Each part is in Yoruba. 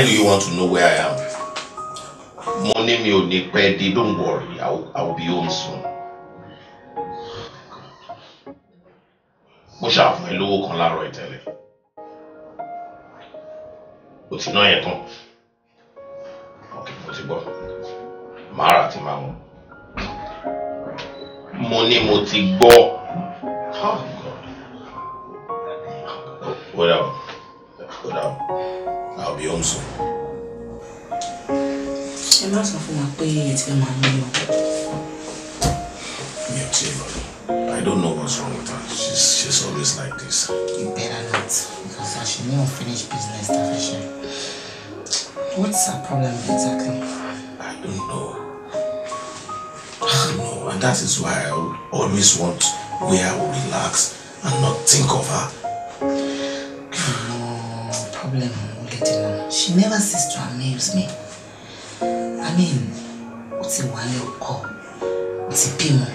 Why do you want to know where I am? Money mi ò ní don't worry, I will, be home soon. Mo my ẹ lówó kan láàárọ̀ ìtẹ́lẹ̀. O ti ná yẹn tán. Ok, mo ti gbọ́. Màá rà tí màá mú. Oh God. Ó oh, dà I'll be home soon. Ṣé má sọ fún wa pé ẹ ti I do not know what's wrong with her. She's, she's always like this. You better not, because as she never unfinished business that I What's her problem exactly? I don't know. I don't know, and that is why I always want where I will relax and not think of her. No problem. She never ceased to amuse me. I mean, what's you ti wà ní ọkọ, ó ti bímọ.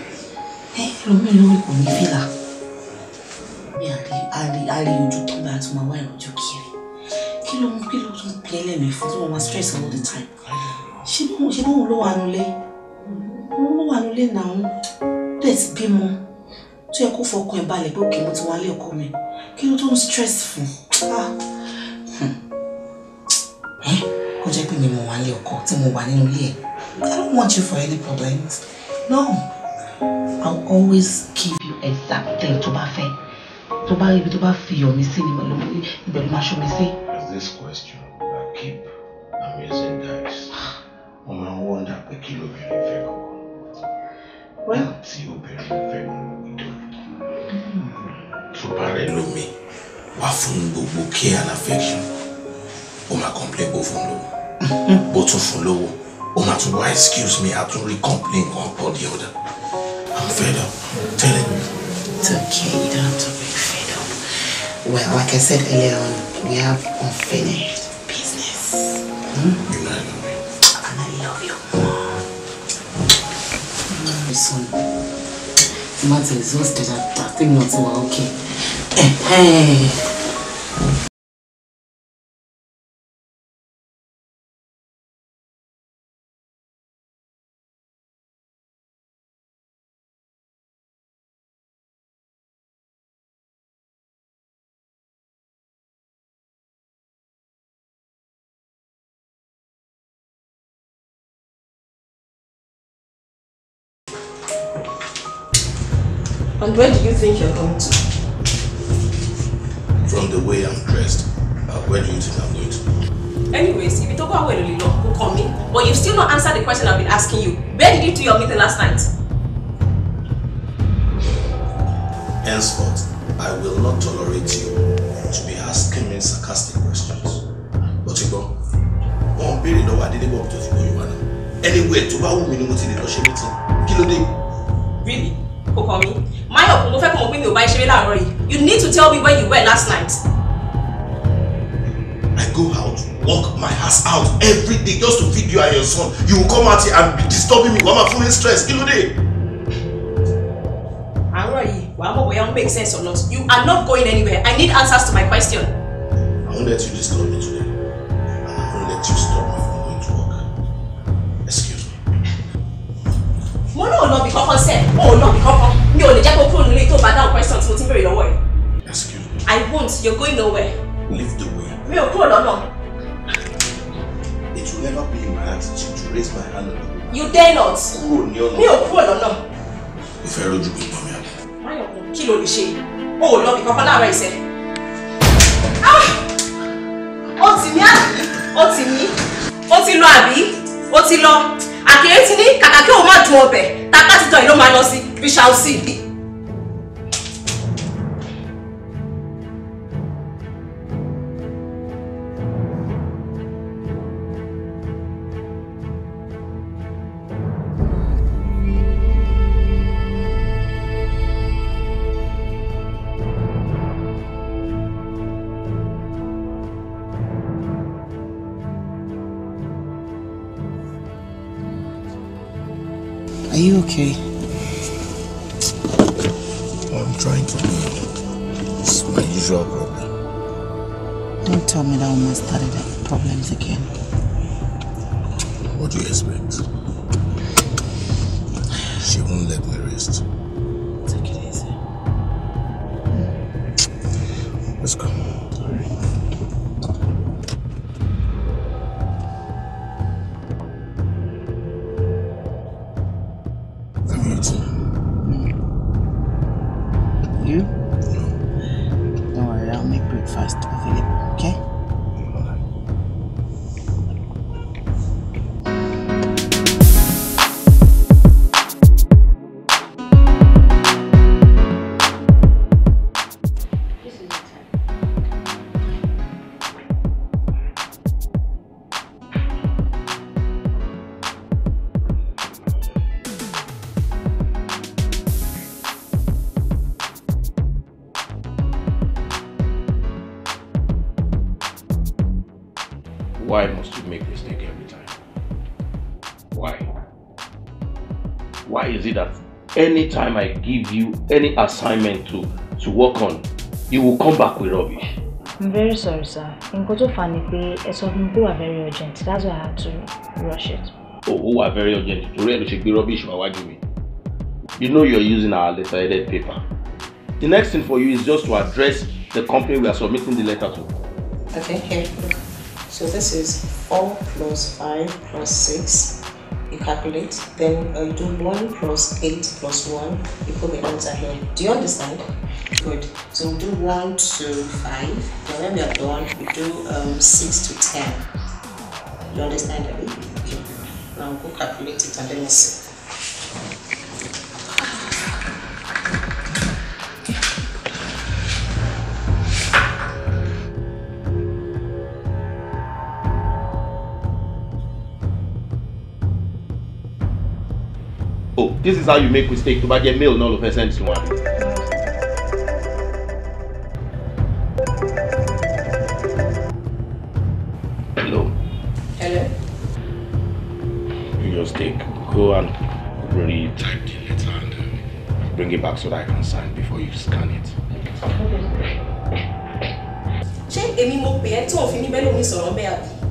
Ẹlòmíì lórí kò ní fìlà. Mi Ali, Ali, you bá come back to my wife Kí ló mú kí ló tún pè é lẹ́mìí fún tí mo máa stress all the time? She bí she ló wà nulẹ̀? lay. ló wà nulẹ̀ náà. Dẹ̀ ti bímọ. So you go fọkàn ẹ̀ balẹ̀ pé but you want to lé ọkọ mi. Kí me. tún stress fún? Ah! kó jẹ́ pé mi mo wà ní ọkọ tí mo wà nínú ilé ẹ̀ I don't want you for any problems no I'll always give you exactly tó bá fẹ́ tó bá ibi tó bá fi yọ̀ mí sí ni pẹ̀lú ìbẹ̀rù máa ṣọ́ mi sí. as this question na keep amusing guys mo máa ń wonder pé kí lóbìnrin fẹ́ kọ́kọ́ tí obìnrin fẹ́ gbọ́dọ̀ tó bá rẹ̀ lómi wà fún gbogbo care and affection ó máa complain kó fún lówó bó tún fún lówó ó máa tún wá excuse me àtún rí complain one or the other i'm fed up tell him. it's okay you don't have to be fed up well like i said earlier on we have unfinished business. Hmm? you know i love you. and i love you more. Mm, son exhausted I think thing not well okay. Hey. And where do you think you're going to? From the way I'm dressed, uh, where do you think I'm going to? Anyways, if you talk about where you look, who call me? But you've still not answered the question I've been asking you. Where did you do your meeting last night? Henceforth, I will not tolerate you to be asking me sarcastic questions. But you go, wọ́n period, lọ́wọ́ Adédébọ̀ tó fi bọ̀ Yorùbá náà. Anyway, tó bá wù mí ni mo ti lè lọ Really? kò kàn mí Máyọ̀ mo fẹ́ kó mọ̀ pé mi ò bá ẹ ṣeré láàárọ̀ yìí you need to tell me where you were last night. I go out work my ass out every day just to feed you and your son you will come out here and be disturbing me wàá máa fún mi stress kí ló dé. àárọ̀ yìí wàá mọ̀ bóyá ó make sense or not you are not going anywhere I need answers to my question. I won't let you disturb me today I won't let you stop me. mo náà lọ bí kankan sẹ o ò lọ bí kankan mi ò lè jẹ́ kó kúrò nílé tó bá dáhùn question tí mo ti ń béèrè lọ́wọ́ ẹ̀. excuse me. I won't you're going nowhere. leave the way. mi ò kúrò lọ́nà. it will never be in my attitude to raise my hand on you. you dare not. kúrò ní ọ̀nà. mi ò kúrò lọ́nà. ìfẹ́ rojú mi gbọ́ mi àná. máyọ̀kùn kí ló lè ṣe o ò lọ bí kankan láàárọ̀ ìṣẹ́. Ah! ó ti mí àbí ó ti mí ó ti lọ àbí ó ti lọ àkèrè ti ní kàkà kí òun má dùn ọbẹ̀ tá a bá ti tọ̀ yìí ló máa lọ sí we shall see. okay. I'm trying to do It's my usual problem. Don't tell me that woman started the problems again. What do you expect? She won't let me rest. Take it easy. Let's go. anytime I give you any assignment to to work on, you will come back with rubbish. I'm very sorry, sir. Nǹkan tó fà ni pé ẹ mi pé wà very urgent. That's why I had to rush it. Oh, ó wà very urgent. Torí ẹ̀ ló ṣe gbé rubbish wá wájú mi. You know you are using our letter-headed paper. The next thing for you is just to address the company we are submitting the letter to. Okay, here. So this is four plus five plus six. you calculate, then uh, you do 1 plus 8 plus 1, you put the answer here. Do you understand? Good. So we do 1 to 5, then when we are done, we do um, 6 to 10. You understand, that? Okay. Now go calculate it and then we see. this is how you make mistake to buy jẹ́ mail No, ló fẹ́ send sí hello. hello. you just take go and really type the letter and uh, bring it back so that I can sign before you scan it. ṣé èmi mo pè ẹ́ tó òfin níbẹ̀ lómi sọ̀rọ̀ bẹ́ẹ̀ àbí.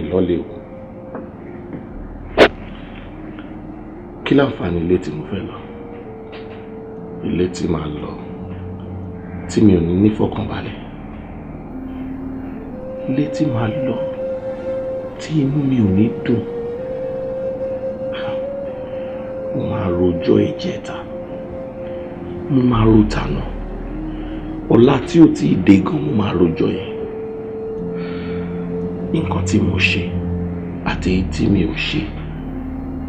jáde lọ́lẹ̀ o kí láǹfààní ilé tí mo fẹ́ lọ ilé tí màá lọ tí mi ò ní nífọ̀kànbalẹ̀ ilé tí màá lọ tí inú mi ò ní dùn mo máa rojọ́ ìjẹta mo máa ro tànà ọ̀la tí ò tí dé gan mo máa rojọ́ yẹn nǹkan tí mo ṣe àti èyí tí mi ò ṣe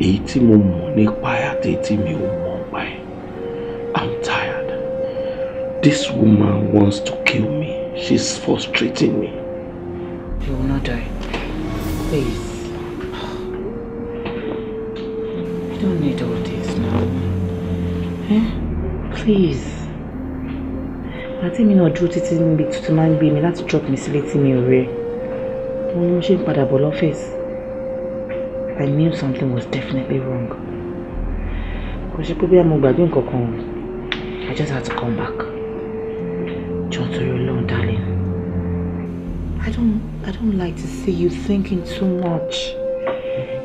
èyí tí mo mọ̀ nípa ẹ̀ àti èyí tí mi ò mọ̀ nípa ẹ̀ I'm tired this woman wants to kill me she's frustrating me. You will not die please I don't need all this now eh? please àti mi náà dúró títí níbi tuntun máa ń gbé mi láti drop mi sílé tí mi ò rí ẹ mo ní mo ṣe ń padà bọ̀ lọ́fíìsì I knew something was definitely wrong kò ṣe pé bí a mo gbàgbé nǹkan kan I just had to come back John torí Ọlọ́run darling I don't I don't like to see you thinking too much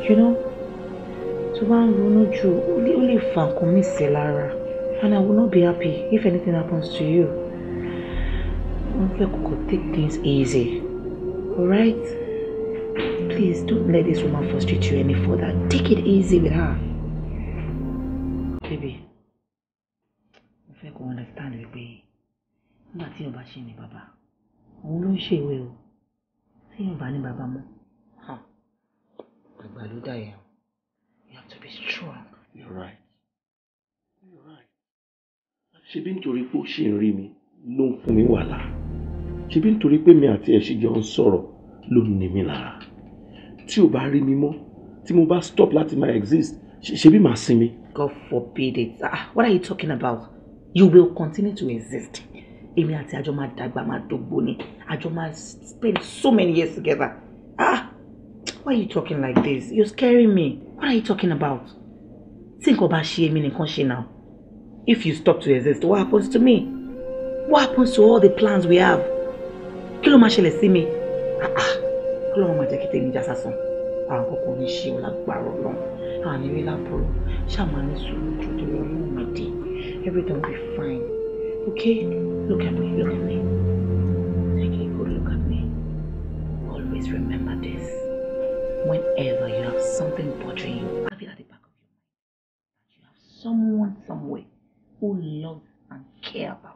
you know tó bá ń ronú jù ó lè fa nǹkan mí sí lára and I will not be happy if anything happens to you. Mo fẹ́ kókó take things easy. Alright? Please don't let this woman frustrate you any further. Take it easy with her. Baby, mo fẹ́ kó understand wípé nígbà tí ọba ṣe ní bàbá, òun ló ń ṣe ìwé o. Tí ọba ní bàbá mọ́, àgbà ló dà yẹn. You have to be strong. You're right. You're right. Ṣebí nítorí pé ó ṣì ń rí mi ló ń fún mi wàhálà ṣebí nítorí pé mi àti ẹ̀ṣin jọ ń sọ̀rọ̀ ló ń ní mi lára tí o bá rí mi mọ́ tí mo bá stop láti máa exist ṣebí màá sinmi. God forbid it ah what are you talking about you will continue to exist èmi àti àjọ máa dàgbà máa dógbó ni àjọ máa spend so many years together ah why are you talking like this you're scaring me what are you talking about tí nǹkan bá ṣe èmi nìkan ṣe now if you stop to exist what happens to me what happens to all the plans we have kí ló máa ṣẹlẹ̀ sí mi ọlọ́run ah, ah. máa jẹ́ kí tèmi já sásán àwọn kòkò ní ṣe ọ lágbára ọlọ́run àwọn ìwé lábúrò ṣàmà ní sùúrù dúdú ọlọ́run mi dé everything will be fine okay look at me look at me take a good look at me always remember this whenever you have something bothering you have it at the back of your mind you have someone somewhere who loves and cares about.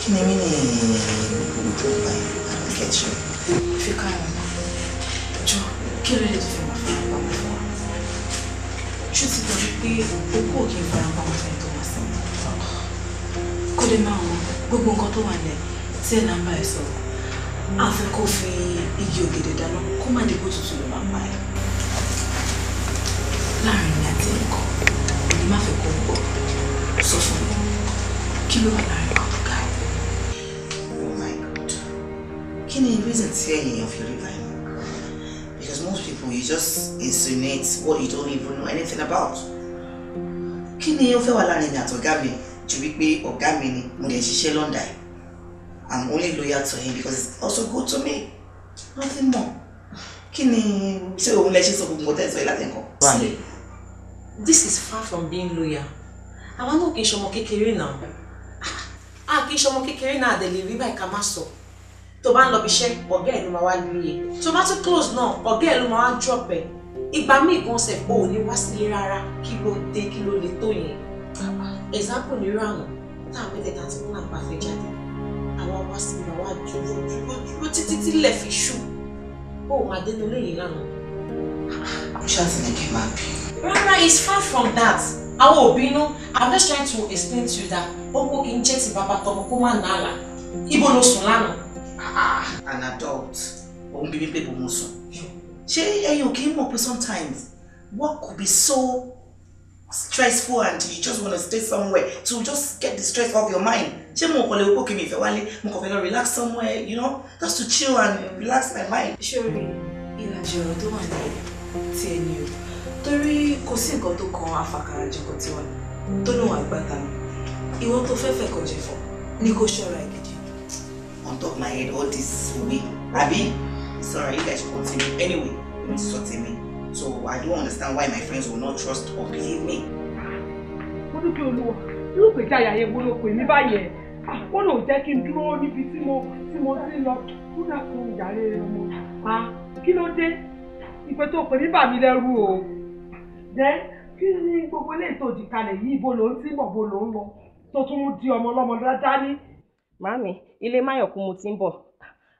Kí ni mí ni ojú ọgbà yẹn? I don't get you. Fika jọ kí ló lè tó fi máa fara pamọ́ fún wa? Ṣé ti tọ́ pé okú ò kí ń fara pamọ́ fún ẹ̀tọ́ wá sí? Kó máa wọn gbogbo nǹkan tó wà lẹ̀ tí ẹ̀ nàmbá ẹ̀ sọ̀rọ̀. A fẹ́ kó fi igi ògèdè dáná kó má dìbò tuntun ló máa pa ẹ̀. Láàárín mi àti ẹ̀kọ́, èmi má fẹ́ kó gbọ́. Sọ fún mi, kí ló wà láàárín? kí ni reason tí ẹ̀yìn your fi rí because most people you just insinuate what you don't even know anything about Kini ni ó fẹ́ wà at mi àtọ̀gá mi ju wípé ni mo lè I'm only loyal to him because it's also good to me nothing more Kini. ni ṣé òun lè ṣe so gbogbo tẹ́sán see this is far from being loyal I want kì í ṣọmọ ah, kékeré náà a kì í ṣọmọ kékeré náà àdèlè tó bá ń lọ bí iṣẹ́ ọ̀gá ẹ̀ ló máa wá níye tó bá tún close náà ọ̀gá ẹ̀ ló máa wá drop ẹ̀ ìgbà míì gan ṣe o ò ní wá sílé rárá kí ló dé kí ló lè tó yẹn example ní rànà tá à ń mẹ́tẹ̀ẹ̀ta tí wọ́n náà bá fẹ́ jáde àwa wá sí ìgbà wá dúró dúró dúró títí tí ilẹ̀ fi ṣú o ò máa dénú lẹ́yìn lánàá. àbúṣà ti ní kí n máa bí. rárá it's far from that àwọn òbí inú i'm just trying to explain to you that ó kó kí n jẹ́ ti bàbá tọmọ kó má nàá là ibo ló sùn lánàá. Ah, an adult òun bí mi pé kò mú sùn ṣé ẹ̀yin ò kì í mọ̀ pé sometimes work could be so stressful and you just wanna stay somewhere to just get the stress off your mind ṣé mo kò lè wọ́pọ̀ kí mi ìfẹ́ wálé mo kò fẹ́ lọ relax somewhere you know just to chill and relax my mind. sori ìlàjì ọ̀rọ̀ tó wà ní ti ẹni o torí kò sí nǹkan tó kan afàkàrà jẹ̀kọ̀ tiwa tó lóun àgbàtà ìwọ tó fẹ́ fẹ́ kọjẹ̀ fọ́ ni kò ṣọ́ra ẹ̀ on top of my head all this way. Abby, sorry, you guys continue. Anyway, you insulting me. So I don't understand why my friends will not trust or believe me. Mo dúpẹ́ olúwa, irú pé jáyà yẹn wo ló pè mí báyẹn? Wọ́n lò jẹ́ kí n dúró níbi tí mo tí mo ti lọ. Ó dàkún ìyàrá ọmọ. Kí ló dé? Ìpè tó pè mí bà mí lẹ́rù o. Jẹ́ kí ni gbogbo eléyìí tó dì kalẹ̀ yìí ibo ló ń tí mọ̀ bo ló ń ilé Máyọ̀kún mo ti ń bọ̀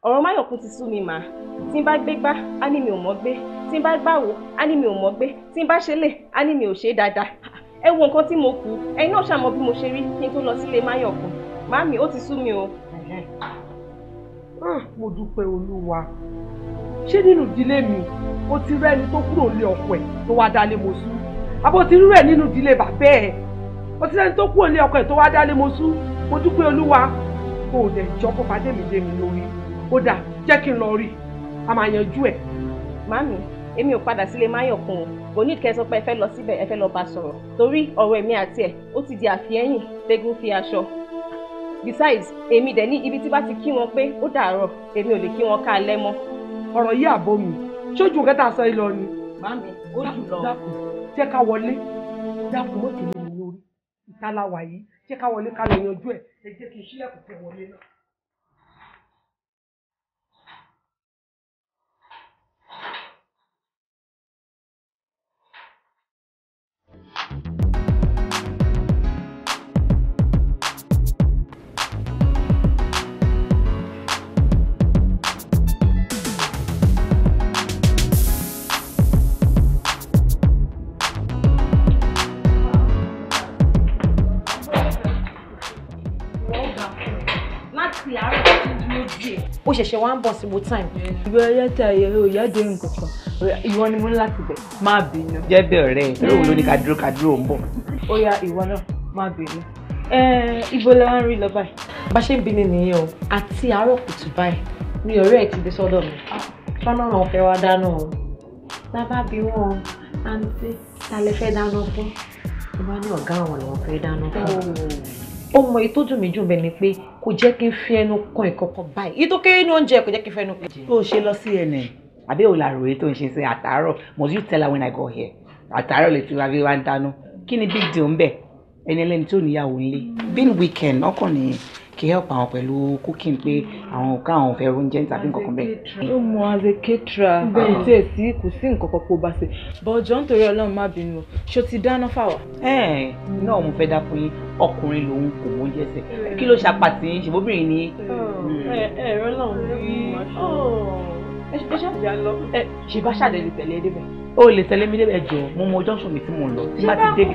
ọ̀rọ̀ Máyọ̀kún ti sú mi mà tí n bá gbé gbá á ní mi ò mọ́ gbé tí n bá gbàwó á ní mi ò mọ́ gbé tí n bá ṣe lè á ní mi ò ṣe é dáadáa ẹ wo nǹkan tí mo kú ẹ̀yin náà ṣàmọ bí mo ṣe rí kí n tó lọ sílé Máyọ̀kún màámi ó ti sú mi o. Ah, mo dúpẹ́ olúwa ṣé nínú ìdílé mi o ti rẹ́ni tó kúrò lé ọkọ ẹ̀ tó wá dálé mo sú àbò ti rú ẹ̀ nínú ìdílé bàbá ẹ̀ o ti rẹ́ni tó kúrò lé ọkọ ẹ̀ tó wá dálé mo sú mo dúpẹ́ olúwa kó o dẹ̀ jọ́ kó padé mi dé mi lórí ó dà jẹ́ kí n lọ rí a máa yanjú ẹ̀. màmí èmi ò padà sílé máyọ̀kùn o kò ní kẹ́ sọ pé ẹ fẹ́ lọ síbẹ̀ ẹ fẹ́ lọ bá sọ̀rọ̀ torí ọ̀rọ̀ èmi àti ẹ̀ ó ti di àfihẹ́yìn gbégún fi aṣọ besides èmi dẹ̀ ní ibi tí bá ti kí wọn pé ó dàárọ̀ èmi ò lè kí wọn ká alẹ́ mọ́. ọ̀rọ̀ yìí àbọ̀ mi ṣojú nǹkan tá a sọ yìí lọ ni. màmí ó jù lọ dákun jẹ́ ká wọlé dákun mọ́tò mi lórí ìtaláwà yìí jẹ́ ká wọlé ká lọ yanjú ẹ̀ ẹ jẹ́ kí n ṣílẹ̀kùn fún wọlé náà. ó ṣẹ̀ṣẹ̀ wá ń bọ̀ sí mo time ìwé ẹlẹ́tà ẹ̀rọ ìyá dé nǹkan kan ìwọ ni mo ní láti bẹ̀ má bínú. jẹ́ bẹ́ẹ̀ ọ̀rẹ́ ẹ̀ lóun ló ní ká dúró ká dúró ń bọ̀. ó ya ìwọ náà má bínú. ibo la ń rí lọ báyìí. bá ṣe ń bi ni nìyẹn o àti àárọ̀ kùtù báyìí ni ọ̀rẹ́ ẹ̀ ti dé sọ́dọ̀ mi. fọ́nà ah, náà fẹ́ wá dáná o. lábá bí wọn àǹtí ta lè fẹ́ dáná fún. ìwọ ní ọ̀gá àwọn làwọn fẹ́ dáná fún ohun èyí tó dùn mí jù bẹ́ẹ̀ ni pé kò jẹ́ kí n fi ẹnu kan ìkọ̀kan báyìí èyí tó kéré ní oúnjẹ kò jẹ́ kí n fi ẹnu kan. tó o ṣe lọ sí ẹnẹ àbí òun làrò èyí tó ń ṣe sí àtàárọ̀ must you tell her when I go here àtàárọ̀ lè ti wáá wá ń dáná kí ni big deal ń bẹ ẹni ẹlẹ́ni tó níyàwó ńlé been weekend ọkàn nìyẹn kí help àwọn pẹ̀lú cooking pé àwọn ọ̀ká àwọn fẹ́ oúnjẹ tàbí nǹkan kan bẹ́ẹ̀. ó mọ as a caterer bẹ́ẹ̀ tí èsì kò sí nǹkan kan kó bá ṣe bọ́jọ́ nítorí ọlọ́run má bínú o ṣó ti dáná fáwa. ẹ ẹ náà mo fẹ́ dákun yín ọkùnrin lòun kò mọ oúnjẹ sè kí ló ṣàpàtì ṣèbóbìnrin ni. Oh, ẹ ẹ rọlọ́run bí ẹ ṣe bá ṣàdé lè tẹ̀lé ẹ débẹ̀ o lè tẹ̀lé mi débẹ̀ jọ mo mọ junction mi tí mo lọ tí má ti dé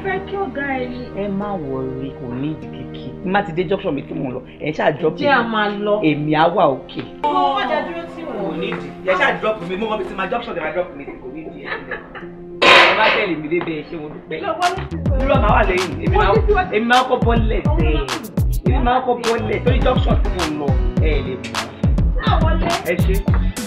ẹ má wọrí kò ní kìkì tí má ti dé junction mi tí mo lọ ẹ ṣáà drop mi èmi á wà òkè. ọmọ ọjà dúró tí wọn. kò ní ìdí ẹ ṣáà drop mi mo mọ bí ti máa junction mi máa drop mi kò ní ìdí ẹ bá tẹ̀lé mi débẹ̀ ṣé mo dúpẹ́ dúró máa wà lẹ́yìn èmi máa kọ́ bọ́ọ̀lẹ̀ tẹ̀ èmi máa kọ́ bọ́ọ̀lẹ̀ torí junction tí mo lọ ẹ lè mú ẹ ṣe.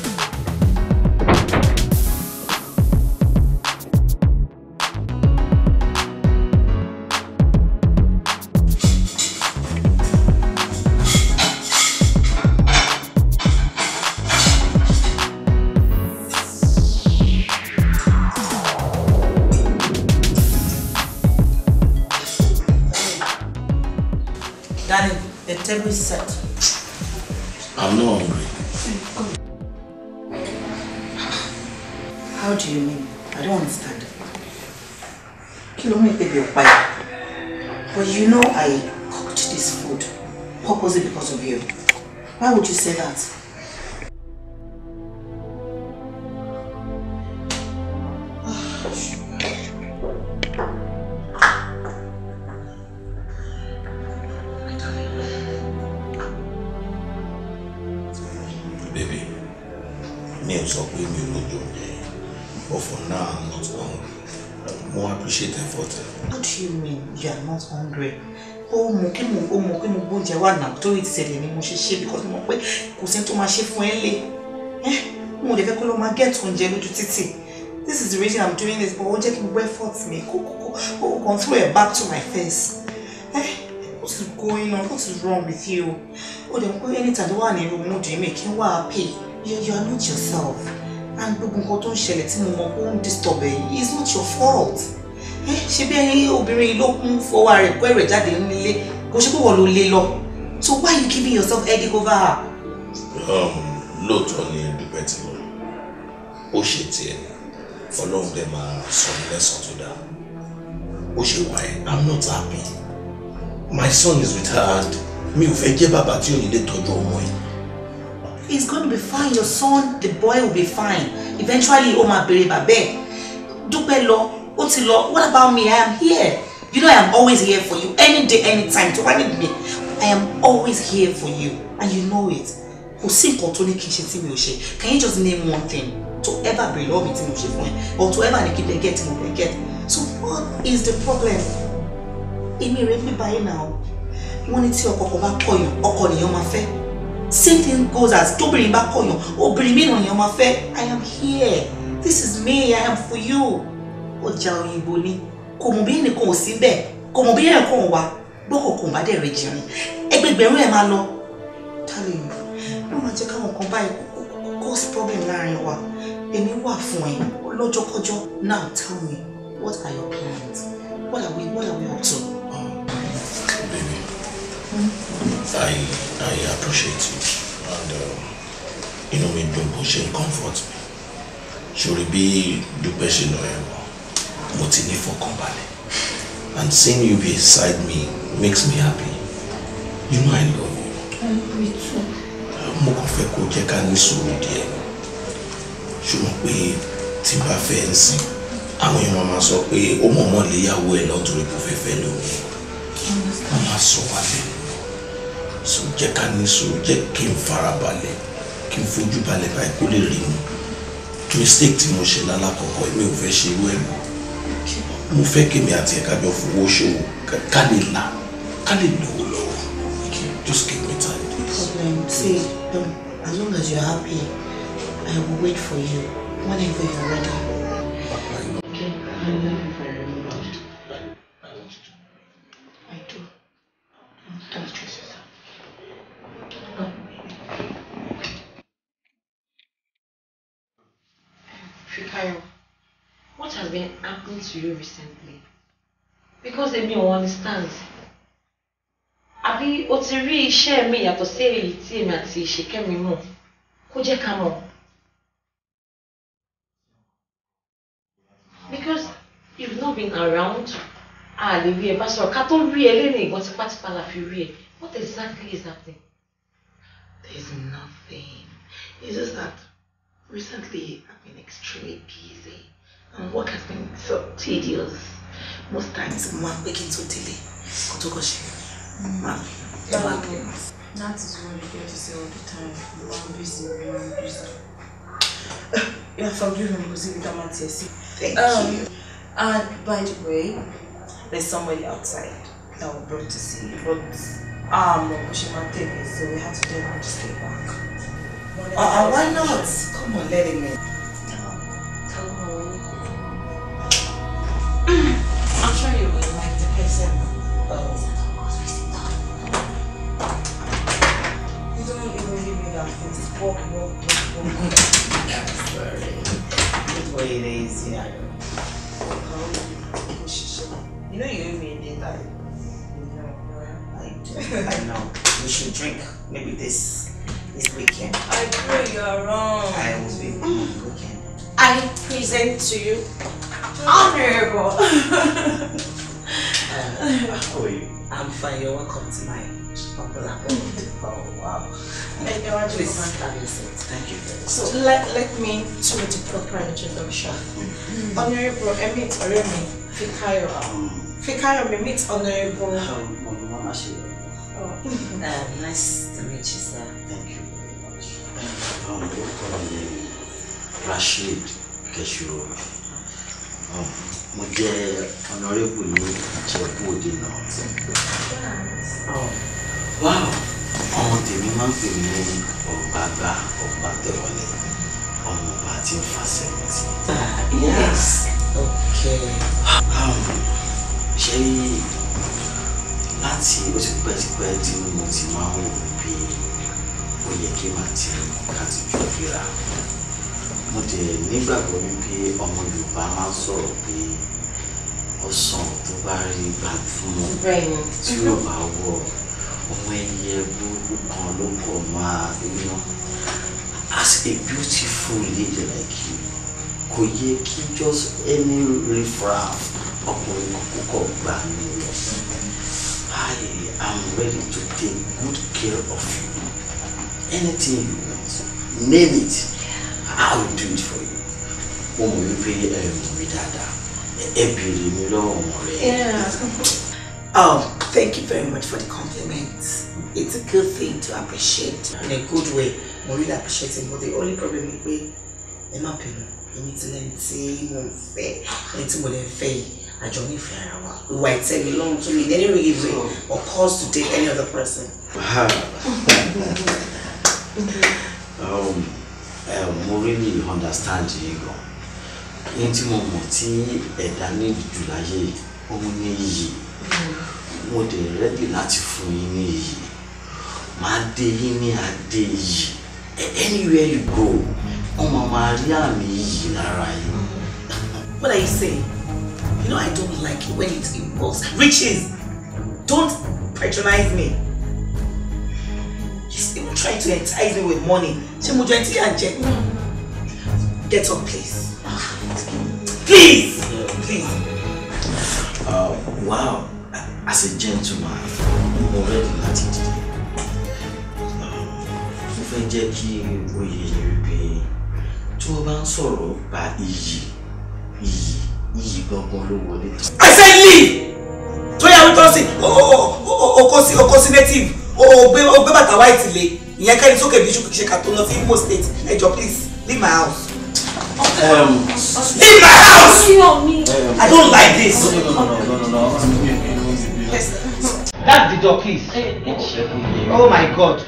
Նա ուջի սևած։ ẹsẹ̀ lèmi mo ṣe ṣe because mo mọ̀ pé kò sí tó máa ṣe fún ẹ lé mo lè fẹ́ kó lọ máa get oúnjẹ lójú títì this is the reason i'm doing this but ó jẹ́ kí gbogbo effort mi kó kó kó kó throw it back to my face eh what is going on what is wrong with you ó dẹ̀ mọ̀ pé anytime tó wà ní irú mood yìí mi kí n wà happy you you are not yourself and gbogbo nǹkan tó ń ṣẹlẹ̀ tí mo mọ̀ pé ó ń disturb ẹ̀ yìí it's not your fault ṣe bí ẹni obìnrin ló kún fọwọ́ rẹ̀ kọ́ ẹ̀rẹ̀ jáde nílé kò ṣe pé wọ́n ló lé lọ. So why are you giving yourself headache over her? Um, lóòótọ́ ni the ti lọ. Ó ṣe tiẹ̀. Ọlọ́run dẹ̀ máa sọ ní lẹ́sàn tó dáa. Ó ṣe wà I'm not happy. My son is with her and mi ò fẹ́ jẹ́ bàbá tí ò ní lè tọ́jú ọmọ yìí. He's gonna be fine. Your son, the boy will be fine. Eventually, ó máa bèrè bàbá ẹ̀. Dúpẹ́ lọ, What about me? I am here. You know I am always here for you any day, any time. Do I need me, I am always here for you and you know it. Kò sí nǹkan tó Can you just name one thing to ever be love me tí mo or to ever ní kí n get mo get? So what is the problem? Imi rẹ̀ fi báyìí náà. Wọ́n ní tí ọkọ kan bá kọ̀yàn, ọkọ nìyẹn máa fẹ́. Same thing goes as tóbìnrin bá kọ̀yàn, obìnrin mìíràn nìyẹn máa fẹ́. I am here. This is me. I am for you. Ọjà òyìnbó ni. Kò mọ̀ bí ẹnìkan ò sí bẹ́ẹ̀. Kò mọ̀ bí ẹnìkan ò wá gbọ́kọ̀kọ̀ bá dẹ̀ rẹ̀ jìnrìn ẹgbẹgbẹ̀rún ẹ̀ máa lọ tálẹ̀ yìí wọ́n máa jẹ́ káwọn kan báyìí cause problem láàrin wa èmi wà fún ẹ lọ́jọ́kọ́jọ́ now tell me what are your plans what are we what are we up to. Hmm? I I appreciate you and uh, um, inú mi dùn bó ṣe ń comfort mi be bí dúpẹ́ ṣe lọ ẹ̀wọ̀n mo ti ní fọkànbalẹ̀ and seeing you beside me makes me happy you know I love you. I oh, kàn fẹ́ kó jẹ́ ká ní sùúrù díẹ̀ ṣùgbọ́n pé tí n bá fẹ́ ń sìn àwọn èèyàn máa sọ pé ó mọ̀ọ́mọ̀ léyàwó ẹ̀ lọ́n torí kò fẹ́ fẹ́ lómi wọ́n máa sọ wá bẹ́ẹ̀ so jẹ́ ká ní sùúrù jẹ́ kí n fara balẹ̀ kí n fojú balẹ̀ báyìí kó lè mi mistake tí mo ṣe lálàkọ̀kọ́ èmi ò fẹ́ ṣe irú ẹ̀ mọ́ mo fẹ́ kémi àti ẹ̀ka jọ Darling, no, love. Just give me time, please. Problem. See, um, as long as you're happy, I will wait for you whenever you're ready. Okay, I love you very much. I to. I do. Don't stress yourself. Fikayo, what has been happening to you recently? Because they may àbí o ti rí iṣẹ́ mi yàtọ̀ sí èyí tí èmi àti ìṣèkẹ́mi mọ̀ kó jẹ́ ká mọ̀. because you've not been around a lè rí ẹ bá sọ̀rọ̀ ká tó rí ẹ lẹ́nu ìbọn tipátipá la fi rí ẹ what exactly is happening. there's nothing it's just that recently I've been extremely busy and work has been so tedious most times mo máa ń pé kí n tó délé kó tó kọ́ ṣe Mm. Um, that is what you get to say all the time. You are busy, you are busy. yeah, forgive me because you do see. Thank um, you. And by the way, there's somebody outside that we brought to see, but I'm pushing my Tebe, so we have to tell him to stay back. Uh, uh, why not? Come on, let him in. I'm sure you will like the person. Oh. documents. Walk, That's the way it is, yeah. You know you owe me a day I know. We should drink maybe this this weekend. I know you are wrong. I will be mm. weekend. I present to you honorable. Uh, oh, I'm fine. You're welcome to mine. Thank you, Please. Thank you very much. So let, let me to the proper introduction. Honorable Oremi Fikayo. Um, meet Honorable. oh. nice to meet you, sir. Thank you very much. Um, we call Rashid Keshiro. Honorable ní Ìjẹ̀bú Òde wá ọmọ tèmi máa ń pè mí ní ọ̀gbàgbà ọ̀gbà tẹ̀wọ̀lẹ̀ ọmọ ọba tí ń fa sẹ́mìtì. Ah, yes okay. ṣé láti ó ti pẹ́ ti pẹ́ tí mo ti máa ń wò bí ó yẹ kí n máa ti káàtì jù fira mo dẹ̀ nígbàgbọ́ wípé ọmọ Yorùbá máa ń sọ̀rọ̀ pé ọsàn tó bá rí gbà tí yóò bá wọ̀ ọmọ ẹyẹ burúkú kan ló kọ máa ná as a beautiful lady like you kò yẹ kí just any riffraff ọkùnrin kókó gbà mí lọ I am ready to take good care of you anything you want name it I will do it for you mo mọ̀ wípé ẹ mọ̀ mi dáadáa ẹ bèrè mi lọ́wọ́ ọmọ rẹ. Um, Thank you very much for the compliments. It's a good thing to appreciate in a good way. Mo really appreciate but the only problem is pé ẹ má bínú. Èmi ti lẹ́ni tí mo ń fẹ́, ẹni tí mo I fẹ́ yìí, for nífẹ̀ẹ́ ara wa. Ìwà ìtẹ̀mí lọ́run tó mi in any really or cause to date any other person. Um, um, mo really understand you gan. Ní tí mo mọ̀ tí ẹ̀dá ní jù láyé, òun ní mo dẹ̀ rẹ́dì láti fún yín ní èyí máa dé yín ní adé yìí e, anywhere you go wọ́n máa máa rí àmì yìí lára yín. What are you saying? You know I don't like it when it involves riches. Don't patronize me. He's even trying to entice me with money. Ṣé mo jọ ẹtí yà jẹ? Get up please. Ah, please! Please! Uh, wow as a gentleman mo rẹ́dì láti dìde mo fẹ́ jẹ́ kí oyè yẹn wípé tí wọ́n bá ń sọ̀rọ̀ pa iyì iyì iyì gangan ló wọlé tán. I said leave tó yà wípé ọ̀sìn okosi okosi native ogbe ogbe bàtà white le ìyẹn kẹ́ni sókè bí ṣùkú ṣe kà tó lọ sí Imo state ẹ jọ̀ọ́ please leave my house. Um, leave my house! I don't like this. No, no, no, no, no, no. Yes. That's the door, please. Oh my God.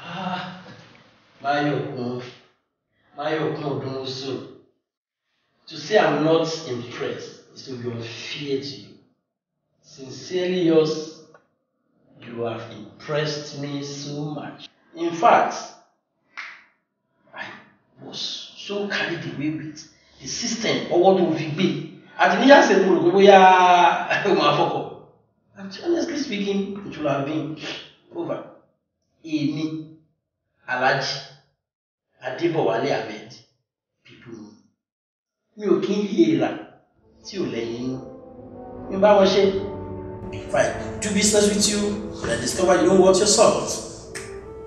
Ah, Mayokun, Mayokun Odunwusu, to say I'm not impressed is to be unfair to you. Sincerely yours, you have impressed me so much. In fact, I was so carried away with the system ọwọ́ tó fi gbé àti níyà ṣe mo rò pé bóyá ó máa fọkọ̀ honestly speaking it will have been over èmi alhaji adébọ̀wálé ahmed pipo mi ò kí ń yí èèrà tí ò lẹ́yìn inú mi bá wọn ṣe. if do business with you and i discover you don't want your salt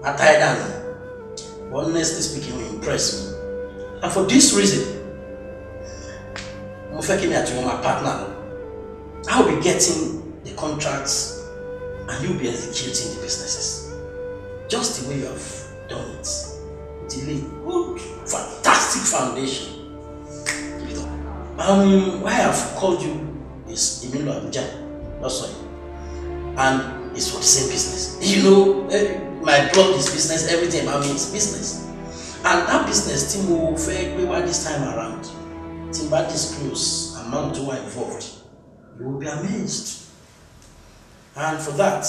i tie down honestly speaking you impress me and for this reason mo fẹ́ kí mi àti wọn partner lọ I will be getting the contracts and you be executing the businesses just the way you have done it with a really good fantastic foundation. Um, why I've called you is Emilio Abuja that's why. and it's for the same business you know eh, my blog is business everything about me is business and that business tí mo fẹ́ gbé this time around. tí bá disclose amount who are involved you will be amazed and for that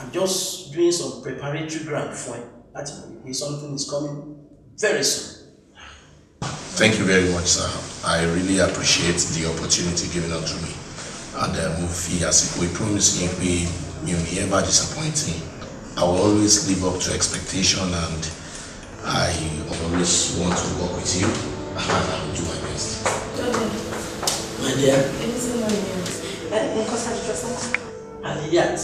i'm just doing some preparatory ground for it that something is coming very soon. Thank you very much, sir. I really appreciate the opportunity given unto me. And uh, mo as we promise yín pé mi ò disappoint yín. I will always live up to expectation and I always want to work with you and I will do my best. My dear. Aliyat.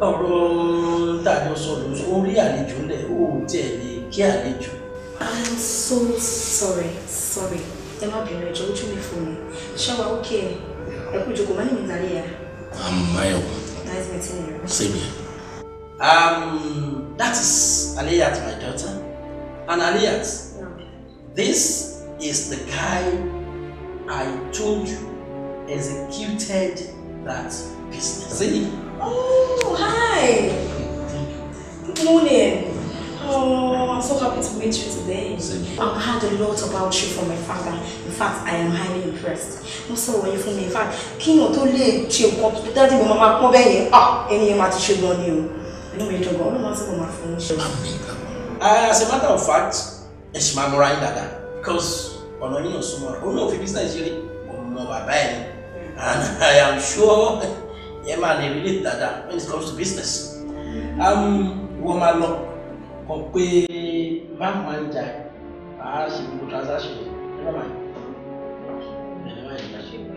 Eh, ọ̀rọ̀ tàbí sọ̀rọ̀ orí àlejò lẹ̀ ó tiẹ̀ lè kí àlejò. I'm so sorry, sorry. Ẹ má bínú ẹjọ́ ojú mi fún mi. Ṣọ́wá ó kí ẹ. Ẹ kú ìjókòó máa ń yìn láyé ya. I'm Mayo. Nice meeting you. Same here. Um, that is Aliyat, my daughter. And Aliyat, yeah. this is the guy I told you executed that business. See? Oh, hi. Good morning. Oh, I'm so happy to meet you today. I've heard a lot about you from my father. In fact, I am highly impressed. Mo sọ̀rọ̀ yìí fún me. In fact, King èèyàn tó lè ṣe nǹkan tó mama come mo máa Ah, any matter, máa ti know gan ni o. Inú mi dùn gan, olú máa ti mọ̀ máa fún uh, As a matter of fact, it's my máa múra yín Because ọ̀nà yíyan súnmọ́ rẹ̀ òun náà fi business yìí bàbá ẹ̀ ni hmm. and I am sure yẹn máa lè relate dáadáa when it comes to business. Um, wọ́n máa lọ kọ pé báwo máa ń jà á ṣe gbogbo transaction ẹ bá máa ẹ bá yẹ ṣe gbogbo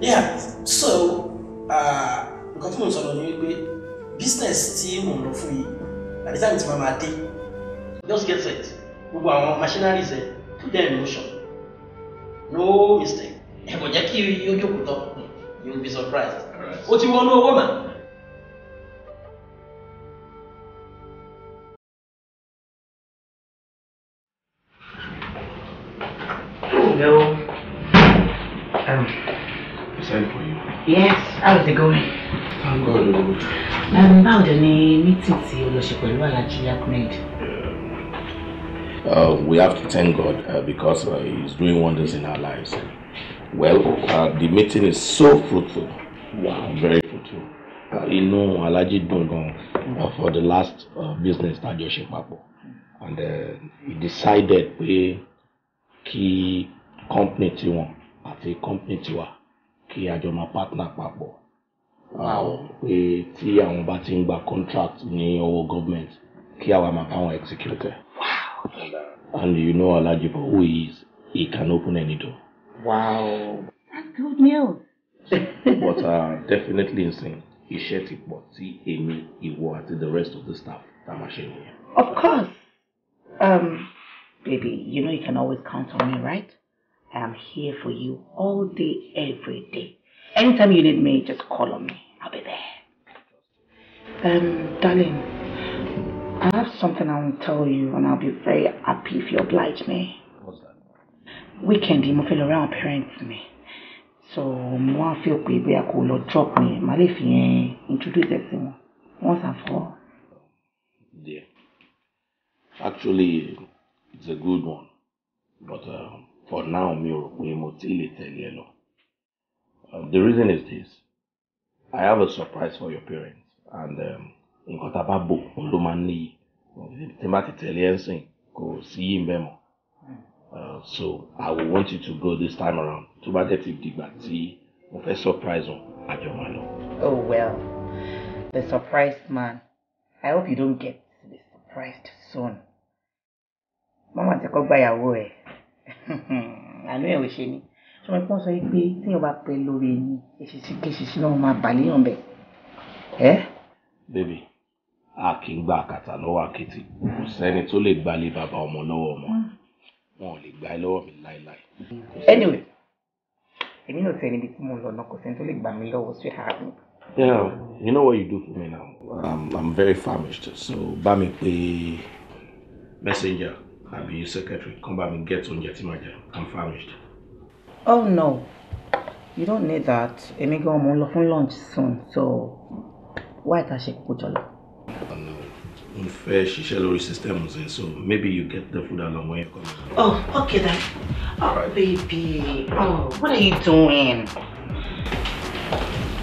Yeah, so uh, nǹkan tí mò ń sọ̀rọ̀ ni wípé business tí mò ń lọ fún yìí àti táyì tí màá máa dé just get set gbogbo àwọn machineries ẹ put them in motion no mistake ẹ kò jẹ́ kí yóò jókòó tán you will be surprised ó ti wọnú owó mà. Hello. Um, I'm sorry for you. Yes, how's it going? Um, báwo ni meeting tí o lọ ṣe pẹ̀lú alhaji ahmed. Uh, we have to thank God uh, because uh, is doing wonders in our lives. Well, uh, the meeting is so fruitful. Wow, very fruitful. Uh, inú Alhaji dùn gan uh, for the last uh, business tá a jọ ṣe papọ̀ and uh, he decided pé kí company tiwọn àti company tiwa kí a jọ máa partner papọ̀ Wow, ti ń gba contract ní ọwọ́ government kí àwa máa bá executor. Wow. And, you know Alajibo who he is he can open any door. Wow. That's good news. but uh, definitely nsìn iṣẹ́ ti but see Amy, ìwọ àti the rest of the staff That machine. Of course. Um, baby, you know you can always count on me, right? I am here for you all day, every day. Anytime you need me, just call on me. I'll be there. Um, darling, I have something I want to tell you, and I'll be very happy if you oblige me. What's that? Weekend, mo fẹ́ lọ rí àwọn parents me. So, mo wá feel pé are going to drop me. Màá lè introduce ẹ once and for all. actually, it's a good one, but uh, for now, mi ò rò pé mo Um, the reason is this. I have a surprise for your parents. And um, nǹkan tá a bá bò ó ló máa ń níyì. Uh, so I will want you to go this time around. Tó bá dẹ̀ ti dìgbà tí mo fẹ́ surprise on. àjọ Oh well, the surprised man. I hope you don't get surprised soon. Mama ti kọ́ gbàyàwó ẹ̀. Àánú ẹ̀ ò ṣe me sọ̀rọ̀ pọ́n sọ pé téèyàn bá pẹ́ lórí ẹni èsìsì kèsìsì náà máa bà léèyàn bẹ̀. ẹ. bébì a kì í gba àkàtà lọ́wọ́ àkìtì kò sẹ́ni tó lè gbalé bàbá ọmọ lọ́wọ́ ọmọ hmm. wọn ò lè gba ẹ lọ́wọ́ mi láéláé. anyway èmi náà sẹ́ni bí mo lọ náà kò sẹ́ni tó lè gbà mí lọ́wọ́ sweetheart mi. yeah you know what you do for me now i'm i'm very famished so bá mi pè messenger àbí secretary Come back and get oúnjẹ tí màá jẹ i'm famished. Oh no, you don't need that. I'm going on lọ fún lunch soon, so why ta not kó jọlọ? Mo fẹ́ ṣiṣẹ́ lórí systems so maybe you get the food along when you come. Oh, okay then. Oh, right. baby. Oh, what are you doing?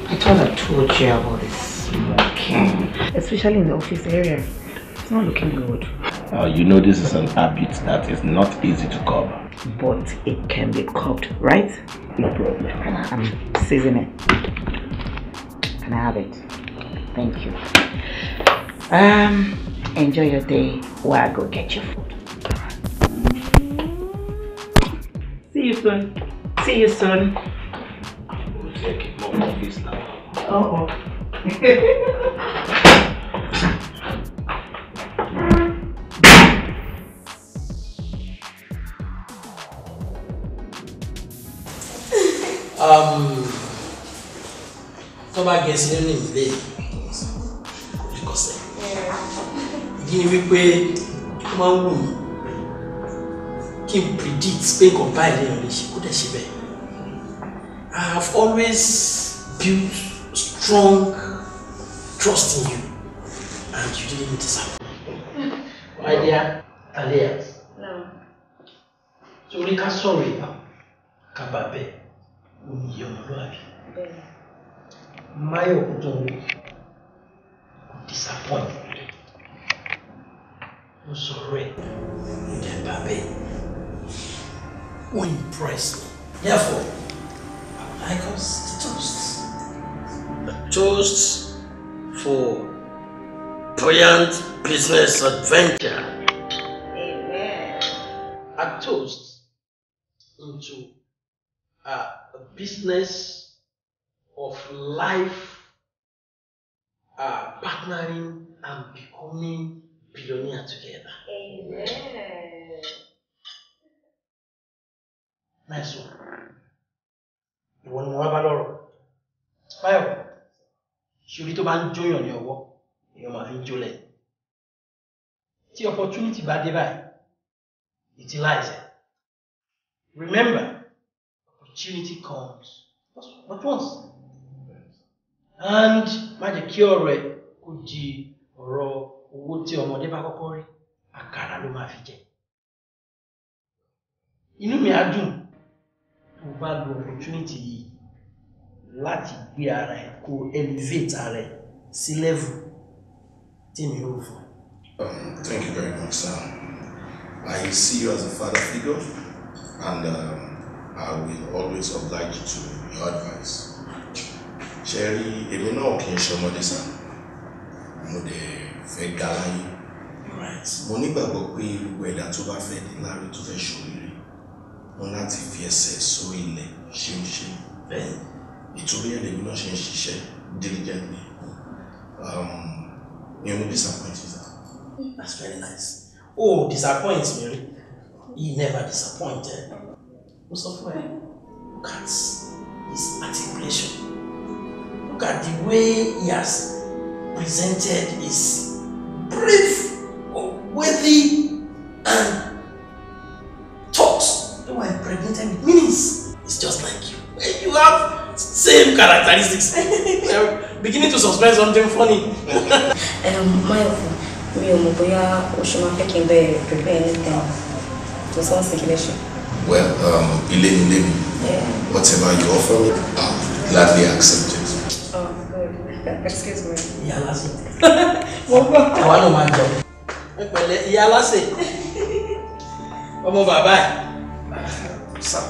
I thought I told you about this smoking. Especially in the office area. It's not looking good. Uh, you know this is an habit that is not easy to cover but it can be cooked, right? No problem. I'm seasoning it. Can I have it? Thank you. Um, enjoy your day while I go get your food. See you soon. See you soon. will take now. Uh oh. Um, tó bá gẹ̀ẹ́sì nínú ìdílé ìkọsẹ̀ ìdí ni wípé ó máa ń wù mí kí n predict pé nǹkan báyìí lèèyàn lè ṣe kó dẹ̀ ṣe bẹ́ẹ̀ I have always built strong trust in you and you didn't disappoint. My dear Talia. No. Torí ká sọ̀rọ̀ ìbá ká bá 有乱品，没有不忠，disappointment，无所谓，有点怕被，won't impress me. Therefore, I like us toast. A toast for buoyant business adventure. Amen. A toast into a business of life are uh, partnering and becoming billionaire together. Amen. Nice one. Ìwọ ni mo wá bá lọ́rọ̀. Báyọ̀, ṣorí tó bá ń jóyàn ní ọwọ́, èèyàn máa fi ń jólẹ̀. Tí opportunity bá dé báyìí, utilize it. Remember, opportunity comes but once and má jẹ́ kí ọ̀rọ̀ ẹ̀ kó di ọ̀rọ̀ owó tí ọmọdé bá kọ́kọ́ rí àkàrà ló máa fi jẹ inú mi á dùn tó bá lo opportunity yìí láti gbé ara ẹ̀ kó elevate ara ẹ̀ sí level tí mi ò fún. Um, thank you very much, sir. I see you as a father figure, and um, I will always oblige you to your advice. Sherry. rí èmi náà kì í ṣọmọdé sá mo dẹ̀ fẹ́ ga láyé mo nígbàgbọ́ pé gbogbo ẹ̀dá tó bá fẹ́ ní láàrin tó fẹ́ ṣòríire wọn láti fi ẹsẹ̀ sórí ilẹ̀ ṣeéṣe bẹ́ẹ̀ ìtorí ẹ̀ lèmi náà ṣe ń ṣiṣẹ́ diligently um, mi ò disappoint you sir. that's very nice oh disappoint me he never disappointed mo sọ fún ẹ look at his articulation look at the way he has presented his brief worthy and talks that were impregnated with meanings it's just like you you have same characteristics beginning to suspect something funny. um, my mi ò mọ̀ bóyá o ṣe máa fẹ́ kí prepare anything to some circulation well, um, Elaine, Elaine, whatever you offer me, I'll gladly accept it. Oh, good. Excuse me. Ìyá Lásè. Mo gbọ́. Àwa ló máa jẹun. Ẹ pẹ̀lẹ́, Ìyá Sir.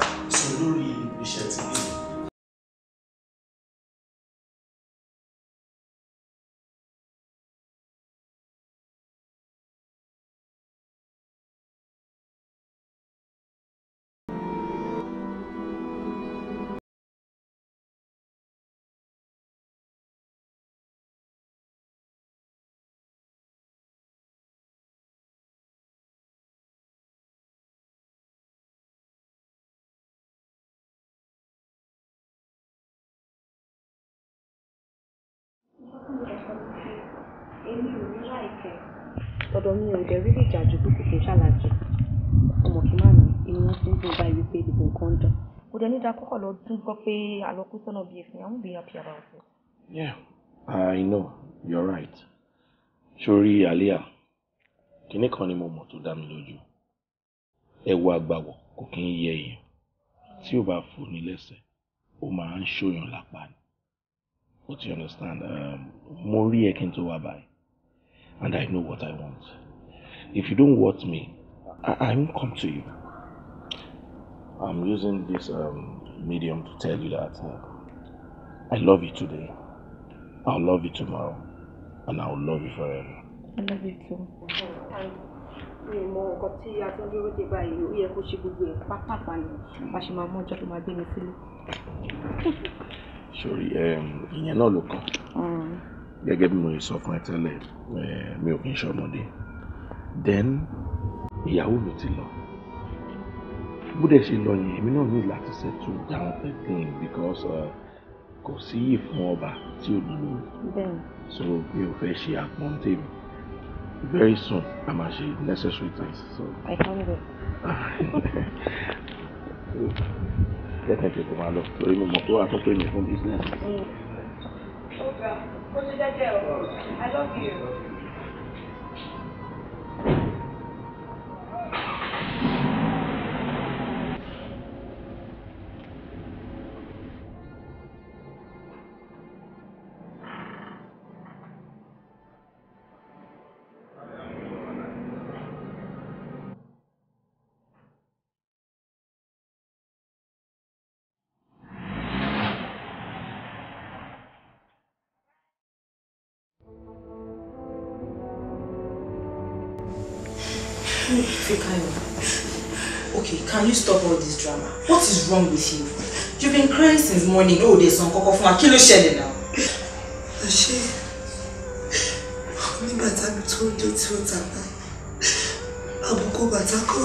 Ọ̀dọ̀ mi ò dẹ̀ really jà jù, bí kò ṣe ṣàlàjì. Ó mọ̀ kí màámi, èmi wọ́n ti ń dùn báyìí wípé gbogbo nǹkan ń Kò dẹ̀ ní kọ́kọ́ lọ dún gbọ́ pé a sọ́nà bí èsìn, I won't happy about it. Yeah, I know, you're right. Ṣorí Aliya, kìíní kan ni mo mọ̀ tó dá mi lójú. Ẹ̀wù àgbàwọ̀ kò kí ń yẹ èèyàn. Tí ó bá fò ní lẹ́sẹ̀, ó máa ń ṣòyàn lápá ni. What do you understand? Um, mo rí ẹ kí and I know what I want. If you don't want me, I, I won't come to you. I'm using this um, medium to tell you that uh, I love you today, I'll love you tomorrow, and I'll love you forever. I love you too. mi mọ nǹkan tí a ti ń dúró dé báyìí ó yẹ kó ṣe gbogbo ẹ̀ pátápá ni bá ṣe máa mú ọjọ́ tó máa gbé mi sílé sórí um, ìyẹn náà ló kàn mm. gẹ́gẹ́ bí mo sọ fún ẹ tẹ́lẹ̀ eh, mi ò kí n ṣọmọdé then ìyàwó mi ti lọ bó dẹ̀ ṣe lọ yẹn èmi náà ní láti settle down again because uh, kò sí yìí fún ọba tí ò dúró so mi ò fẹ́ ṣe àpọ́n tèmi very soon a máa ṣe necessary things. So. I can't wait. kẹ́kẹ́ tètè máa lọ lórí mo mọ̀ pé wàá tó pè mí fún business. Mm. ó ga ti jẹ́jẹ́ o I love you. stop all this drama? What is wrong with you? You've been crying since morning. Oh, there's some kọ́kọ́ fún Akilo ṣẹlẹ̀ now. Me, Àṣé, I'm tábí tó ń jó tí ó tàbá, àbùkù bàtà kọ̀,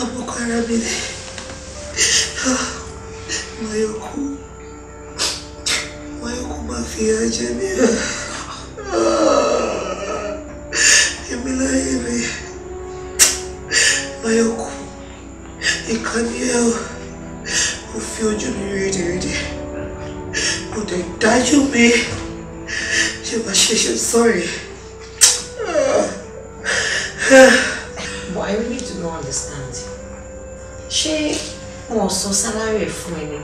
àbùkù arábìnrin, Mayọ̀kú, Mayọ̀kú máa fi ìyà jẹ mí. ṣé wọn sọ sálárì ẹ fún ẹ ni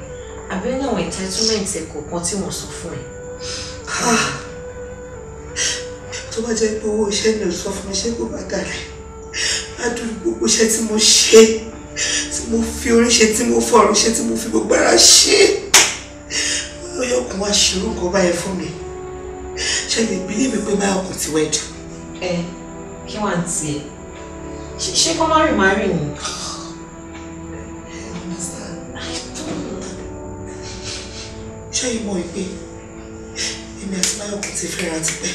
àbí ní àwọn entitlement ẹ kọ̀ọ̀kan tí wọ́n sọ fún ẹ. Ah! tó bá jẹ́ pé owó iṣẹ́ ni ò sọ fún mi ṣé kò bá dàrẹ́ ládùúgbò gbogbo iṣẹ́ tí mo ṣe tí mo fi orí ṣe tí mo fọ̀rọ̀ ṣe tí mo fi gbogbo ara ṣe ó yọ kún wá ṣe orúkọ báyẹn fún mi ṣe lè bí lébi pé báyọ̀ kò ti wẹ̀ jù. ẹ kí wàá tiẹ̀ ṣé kọ́ má ni. ṣẹ́yìn mọ̀ pé èmi àti Báyọ̀ kò ti fẹ́ra tipẹ́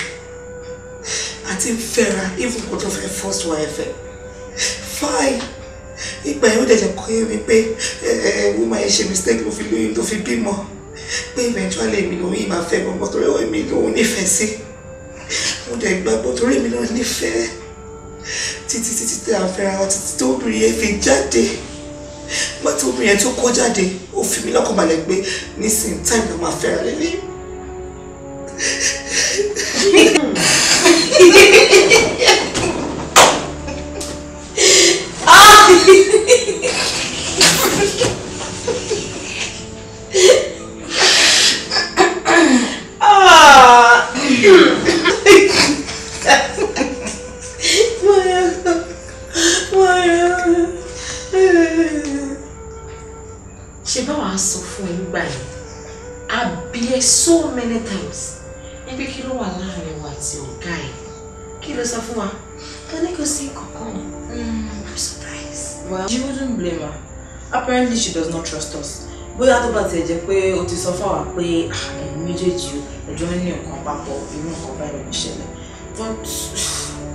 àti fẹ́ra even kò tó fẹ́ first wife fine ìgbà yẹn ó dẹ̀ jẹ́ kó yé mi pé woman yẹn ṣe mistake ló fi lóyún ló fi bímọ pé eventually èmi lòun yìí máa fẹ́ gbọ́ngbọ́n torí èmi lòun nífẹ̀ẹ́ sí mo dẹ̀ gbàgbọ́ torí èmi lòun nífẹ̀ẹ́ títí títí tí a fẹ́ra wa títí tó obìnrin yẹn fi jáde tí obìnrin yẹn tó kó jáde ó fi mí lọ́kàn balẹ̀ pé nísìnyí táìmù ló máa fẹ́ra lélẹ́yìn. bóyá tó bá tiẹ̀ jẹ́ pé o ti sọ fún wa pé ah, ẹ̀yin méjèèjì o ẹjọ́ ní nǹkan papọ̀ irú nǹkan báyìí ló ṣẹlẹ̀ but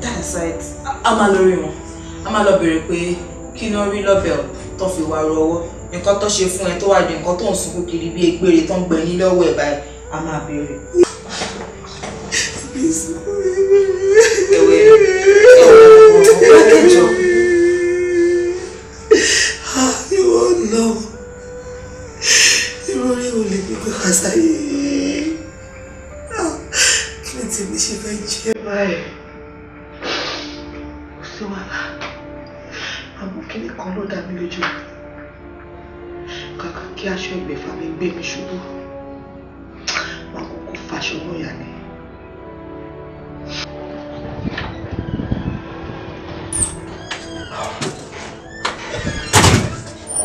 that aside a máa lórí wọn a máa lọ bèrè pé kí ni wọ́n rí lọ́bẹ̀ tó fi wá ro ọwọ́ nǹkan tó ṣe fún ẹ tó wà ní nǹkan tó ń sunkún kiri bí egbére tó ń gbẹ ní lọ́wọ́ ẹ̀ báyìí a máa bèrè. ẹ̀wẹ̀ ẹ̀wẹ̀ ọ̀rọ̀ kẹjọ. ìwọ náà sáré ah, kí ni tèmi ṣe fẹ́ jẹ́ báyìí kò sí wàhálà àmọ́ kí ni kan ló dá mi lójú kàkà kí aṣọ ìgbẹ̀fà mi gbé mi ṣubú wọn kò kó faṣọ lóyà ni.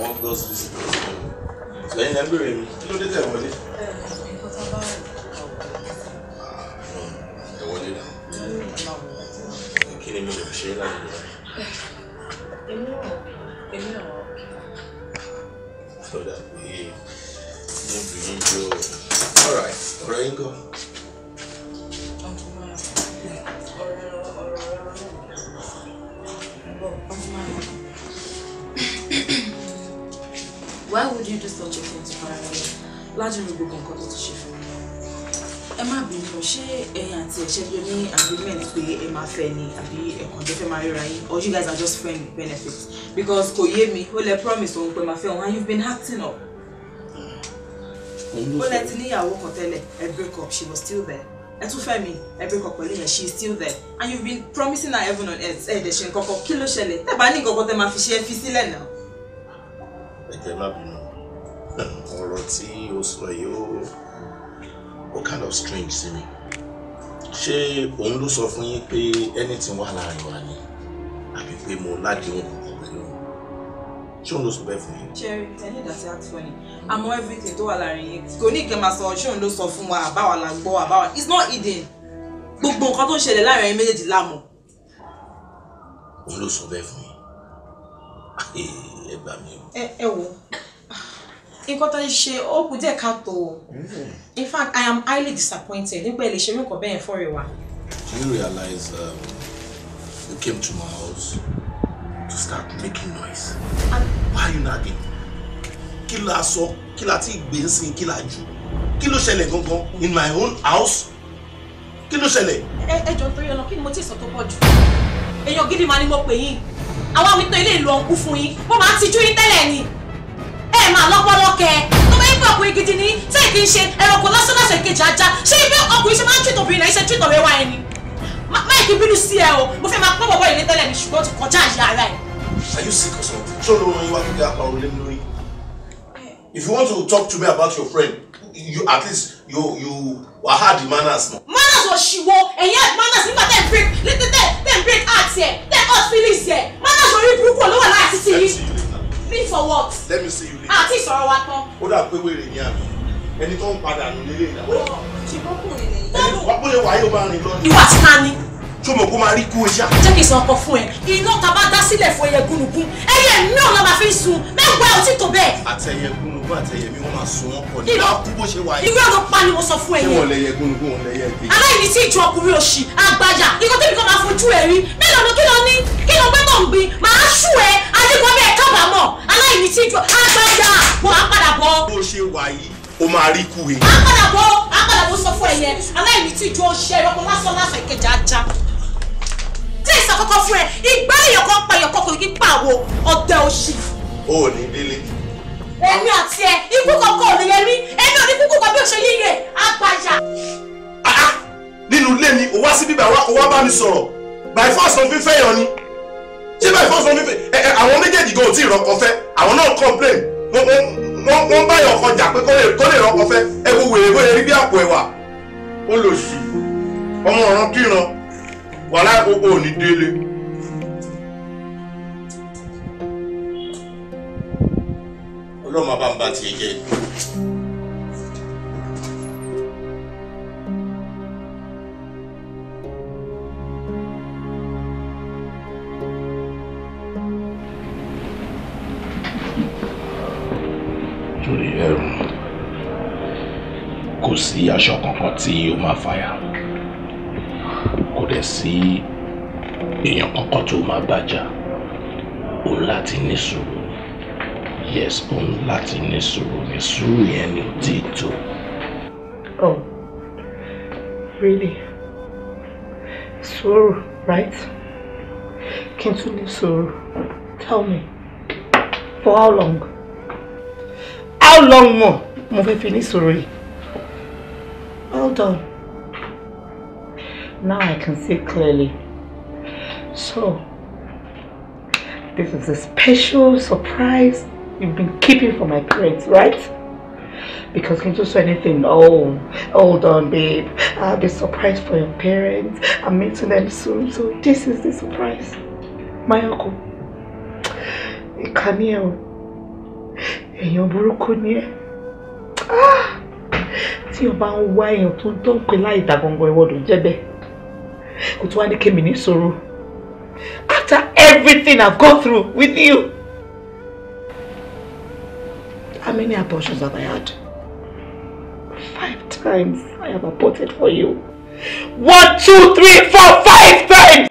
All those visitors lẹ́yìn ẹ̀ ń mi kí ló dé tẹ̀ wọlé. ẹ wọlé náà kí ni mi ò ṣe é láti lọ. èmi ò why would you do such a thing to Faraday ládùúgbò gbogbo nǹkan tó ti ṣe fún mi. ẹ má bínú ṣé ẹ̀yin àti ẹ̀ṣẹ́ jọ be agreement pé ẹ máa fẹ́ ni àbí ẹ̀kan jẹ́ fẹ́ máa or you guys are just friends with benefits. because Koyemi, who mi ó lẹ promise òun pé máa and you've been acting up. ó lẹ ti níyàwó kan tẹ́lẹ̀ ẹ break up she was still there ẹ tún Femi, I broke up with yẹn She's still there and you've been promising her heaven on earth ẹ ẹ dẹ ṣe nǹkan kan kí ló ṣẹlẹ̀ tẹ́ bá ní nǹkan kan tẹ́ máa ẹjọ́ ẹ má bínú ọ̀rọ̀ tí o sọ yìí ó ó kind of strange sí mi ṣé òun ló sọ fún yín pé anything wà láàrin wa ni àbí pé mo ládìhun kankan pẹ̀lú ṣé òun ló sọ bẹ́ẹ̀ fún yín. jerry tẹ́lẹ̀ dàtí àtúwẹ̀ àmọ́ everything tó wà láàrin yín kò ní ìkẹ́ máa sọ ṣé òun ló sọ fún wa àbáwa la gbọ́ àbáwa it's not hidden gbogbo nǹkan tó ń ṣẹlẹ̀ láàrin ẹ̀yin méjèèjì la òun ló sọ bẹ́ẹ̀ fún yín ẹ gbà mí o. ẹ wo nǹkan tó ń ṣe ó kù díẹ̀ káàtó o mm-hmm. in fact i am highly disappointed nípa ẹ lè ṣe bẹ́ẹ̀ fọ́rẹ̀ wa. do you realize um, you came to my house to start making noise and why are you nagging kí la sọ kí la ti gbé ń sin kí la jù kí ló ṣẹlẹ̀ gangan in my own house kí ló ṣẹlẹ̀. ẹ ẹ jọ torí ọ̀nà kí ni mo ti sọ tó pọ̀ jù èèyàn gidi máa ni mo pè yín àwa mi tó ilé ìlú ọ̀hún fún yín wọ́n máa tijú yín tẹ́lẹ̀ ni ẹ máa lọ́pọ̀lọ́kẹ́ tó bá yín pé ọkùnrin gidi ni tí èkì ń ṣe ẹranko lọ́sọ̀lọ́sọ̀ èkejì ajá ṣé ibi ọkùnrin ṣe máa ń tìtò obìnrin náà ṣe tìtò rẹwà ẹ ni máìkì bínú sí ẹ o mo fẹ́ máa pọ́ bọ̀bọ̀ ìlé tẹ́lẹ̀ ni ṣùgbọ́n ti kọjá àyè ara ẹ̀. Are you sick or something? ṣé olórin wá kíkẹ́ apá òun lé lórí? If you want to talk to me about your friend you at least you you were hard manners na. manners òṣìwò and yet manners nígbà tẹ̀ break tẹ̀ tẹ̀ break heart yẹ tẹ̀ hot feelings yẹ manners orí burúkú olówó láì títí yìí me for what. let me see you later. àti ìsọ̀rọ̀ wa tán. ó dà pé wèrè ní àná ẹni tó ń padà nílé ìdáwó. ṣùgbọ́n kùnrin nìyí. ẹni wàá pé wàá yóò máa rìn lọ. ìwà ti ká ni tó mọ̀ kó máa rí kú ṣá. jẹ́ kí n sọ ọkọ fún ẹ iná ta bá dá sílẹ̀ fún ẹyẹ gúnugún ẹyẹ náà lọ́ba fi ń sun mẹ́wàá ò tí tó bẹ́ẹ̀. àtẹyẹ gúnugún àtẹyẹ mi wọ́n máa sun wọn pọ̀ nígbà kú bó ṣe wà yìí. irú ọ̀rọ̀ pa ni mo sọ fún ẹ yẹn. ṣé wọn lẹyẹ gúnugún wọn lẹyẹ gbé. aláìní tí ìjọ ọkùnrin òṣì àgbàyà ikọ̀ tẹ́mi kan máa fojú ẹ̀ rí mélòó kí ló ní kí ló gbé mọ̀ ń gbin máa ṣù ẹ adigun bẹ́ẹ̀ kábàámọ̀ aláìní tí ìjọ àgbàyà wọn á padà bọ̀. bó ṣe wà yìí o máa rí kú he. àpàdàbọ̀ àpàdàbọ̀ sọ fún ẹ yẹn aláìní tí ìjọ ṣe ẹ̀rọ kan lásán lásán ìkẹjà ajá tí èsì àkọ́kọ́ fún ẹ ìgbà ìyọ̀kọ́ pa ìyọ̀kọ́ kò kí pa àwo ọ̀dẹ òṣì. o ò ní délé. èmi àti ẹ ikú kankan ò ní yẹ rí èmi ò ní kúkú kan bí o ṣe yíyẹ àgbàyà. Ah, ah, nínú ilé mi ò wá sí bíbá wa kò wá bá mi sọ̀rọ̀ by force ló fi fẹ́ yan ni ṣé by force ló fi fẹ́ ẹ àwọn méjèèjì gan ò tí ì rọkọ fẹ́ àwọn náà complain wọ́n bá yọ̀ ọkọ̀ jà pé kó lè rọkọ fẹ́ ẹ wo wèrè bóyá rí bí àpò ẹ̀wà ó lò sí ọmọ ọ̀ràn kíran wàhálà ìkókó ò ní délé. ọlọ́run bá ń bá tiẹ̀ jẹ́ ẹ̀. Um, sí aṣọ kankan tí ó máa fàyà rẹ̀ sí èèyàn kankan tó máa bàjá o láti ní sùúrù yes o láti ní sùúrù ní sùúrù yẹn ni ò tí tó. oh really sùúrù right kí n tún ní sùúrù tell me for how long how long more mo fẹ́ fi ní sùúrù yìí well done. Now I can see clearly. So, this is a special surprise you've been keeping for my parents, right? Because can you say anything? Oh, hold on, babe. I'll be surprised for your parents. I'm meeting them soon. So this is the surprise. My uncle. Ìkànnìyàn. Èèyàn burúkú ni ẹ́. Ah! Tí o bá ń wá èèyàn tó ń tó ń pè láì dàgbọ̀ngbọ̀n ìwọ́dọ̀ jẹ́ kò came in ní after everything I've gone through with you how many abortions have I had five times I have aborted for you one two three four five times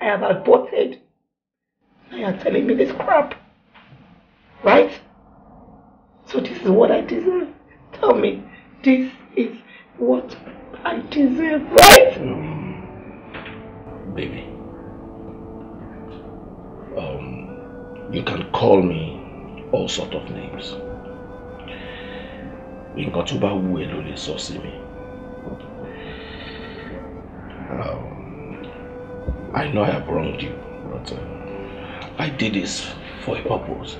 I have aborted now you are telling me this crap right so this is what I deserve tell me this is what I deserve, right? baby. Um, you can call me all sort of names. Nǹkan tó bá wù ẹ́ um, I know I have wronged you, but uh, I did this for a purpose.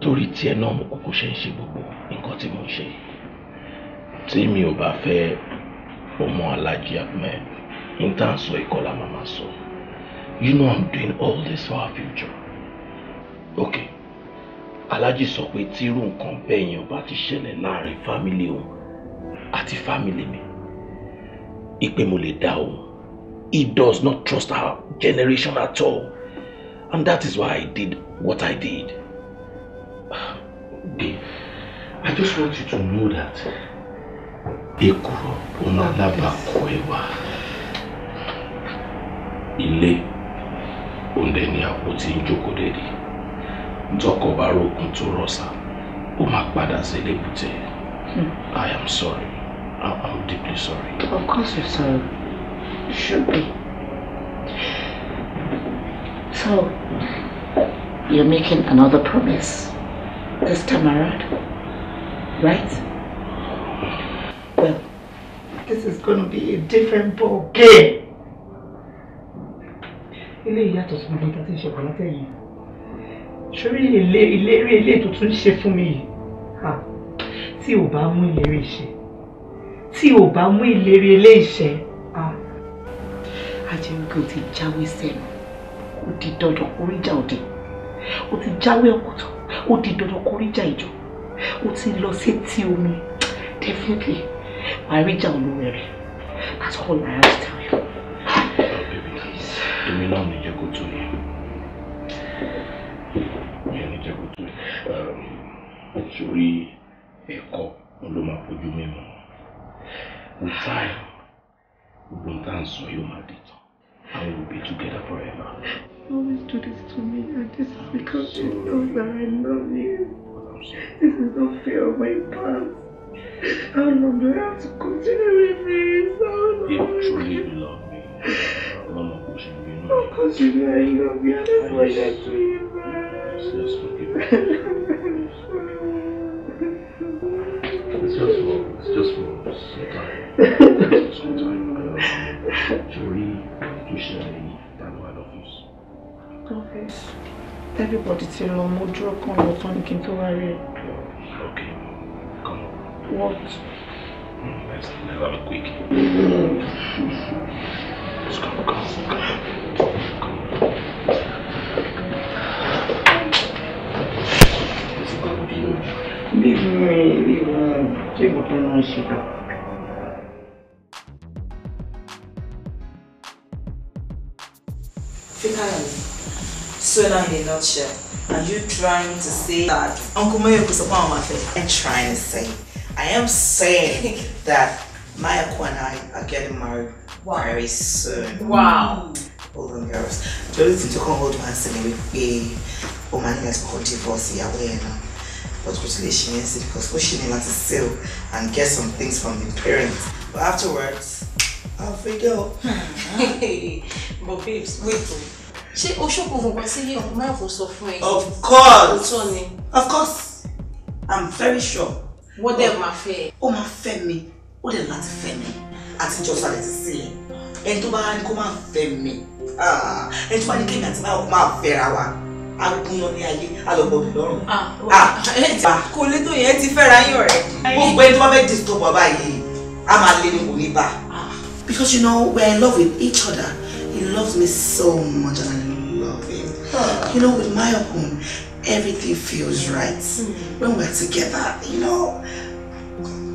Torí tí ẹ náà mo kúkú ṣe ń ṣe gbogbo nǹkan tí in terms of Ekola Mama so. You know I'm doing all this for our future. Okay. Alhaji sọ pé tírú nǹkan bẹ́ẹ̀ yẹn ọba ti ṣẹlẹ̀ láàrin fámílì òun àti family mi. Ìpè mo lè dá òun. He does not trust our generation at all. And that is why I did what I did. Dave, I just want you to know that. Ekuro, Onalaba Kwewa ilé òǹdẹ ni àpótí ń jókòó dédé ntọkọ bá rògùn tó rọsà ó máa padà sí ilébùtẹ I am sorry I am deeply sorry. Of course you're sorry you should be so you're making another promise this time around right well this is gonna be a different ball game eléyìí yàtọ̀ sí gbogbo nǹkan tí ń ṣe pọ̀ látẹ̀yìn sórí ìlérí ilé tuntun ń ṣe fún mi yìí tí ò bá mú ìlérí ìṣe tí ò bá mú ìlérí ilé ìṣe a jẹ́ wípé o ti jáwé sẹ́nu ó di dandan oríjà òde o ti jáwé ọ̀kọ̀tọ̀ ó di dandan oríjà ìjọ o ti lọ sétí omi definitely wàá ríjà olúwẹ̀rẹ̀ that's all I have to tell you èmi náà ní jẹ́ kó tó yẹ èmi ní jẹ́ kó tó yẹ sórí ẹ̀kọ́ ló máa fojú mímu we try gbogbo à ń sọ yóò máa dìtàn and will be together forever. You always do this to me and this is because you know that I love you. This is not fair on my part. How long do I have to continue with this? How long? If truly you love me, I Considering that we have to fight that way. Just forgive It's just for, it's just for some time. Just for some time. Jory, Joshua, Daniel, I love you. Okay. Everybody ti lọ, mo dúró on lọ tán ní kí n tó Okay, come on. What? let's, let's have a quick. in a nutshell. Are you trying to say that Uncle Mayo Kusapamafe? I'm trying to say. I am saying that Maya and I are getting married wow. very soon. Wow. Golden girls. Torí tí tó kàn hold one, sí ni wípé ó máa ní ẹ̀sìn kò divorce ìyàwó now. But kò tilẹ̀ because ó ṣe ní láti sell and get some things from the parents. But afterwards, I'll figure out. But babes, wait for me. She ṣọ́kùn kankan sí yìí ọkùnrin máa fò sọ Of course! Òótọ́ ni. Of course! I'm very sure. Wọ́n dẹ̀ máa fẹ́ ẹ. Ó máa fẹ́ mi, ó dẹ̀ láti fẹ́ mi àtijọ́ sàlẹ̀ ti sí i ẹni tó bá ní kó máa fẹ́ mi ah, ẹni tó bá ní kéèyàn àti báwo kó máa fẹ́ra wa a gúnná ní ayé a lọ bọ̀bì lọ́rùn. Ah, ah, kò lè tó yẹn ti fẹ́ra yín ọ̀rẹ́. gbogbo ẹni tó bá fẹ́ disturb bàbá yìí a máa lé ní kò ní bá. because you know we're in love with each other he loves me so much and I love him. you know with my own everything feels right mm. when we're together you know.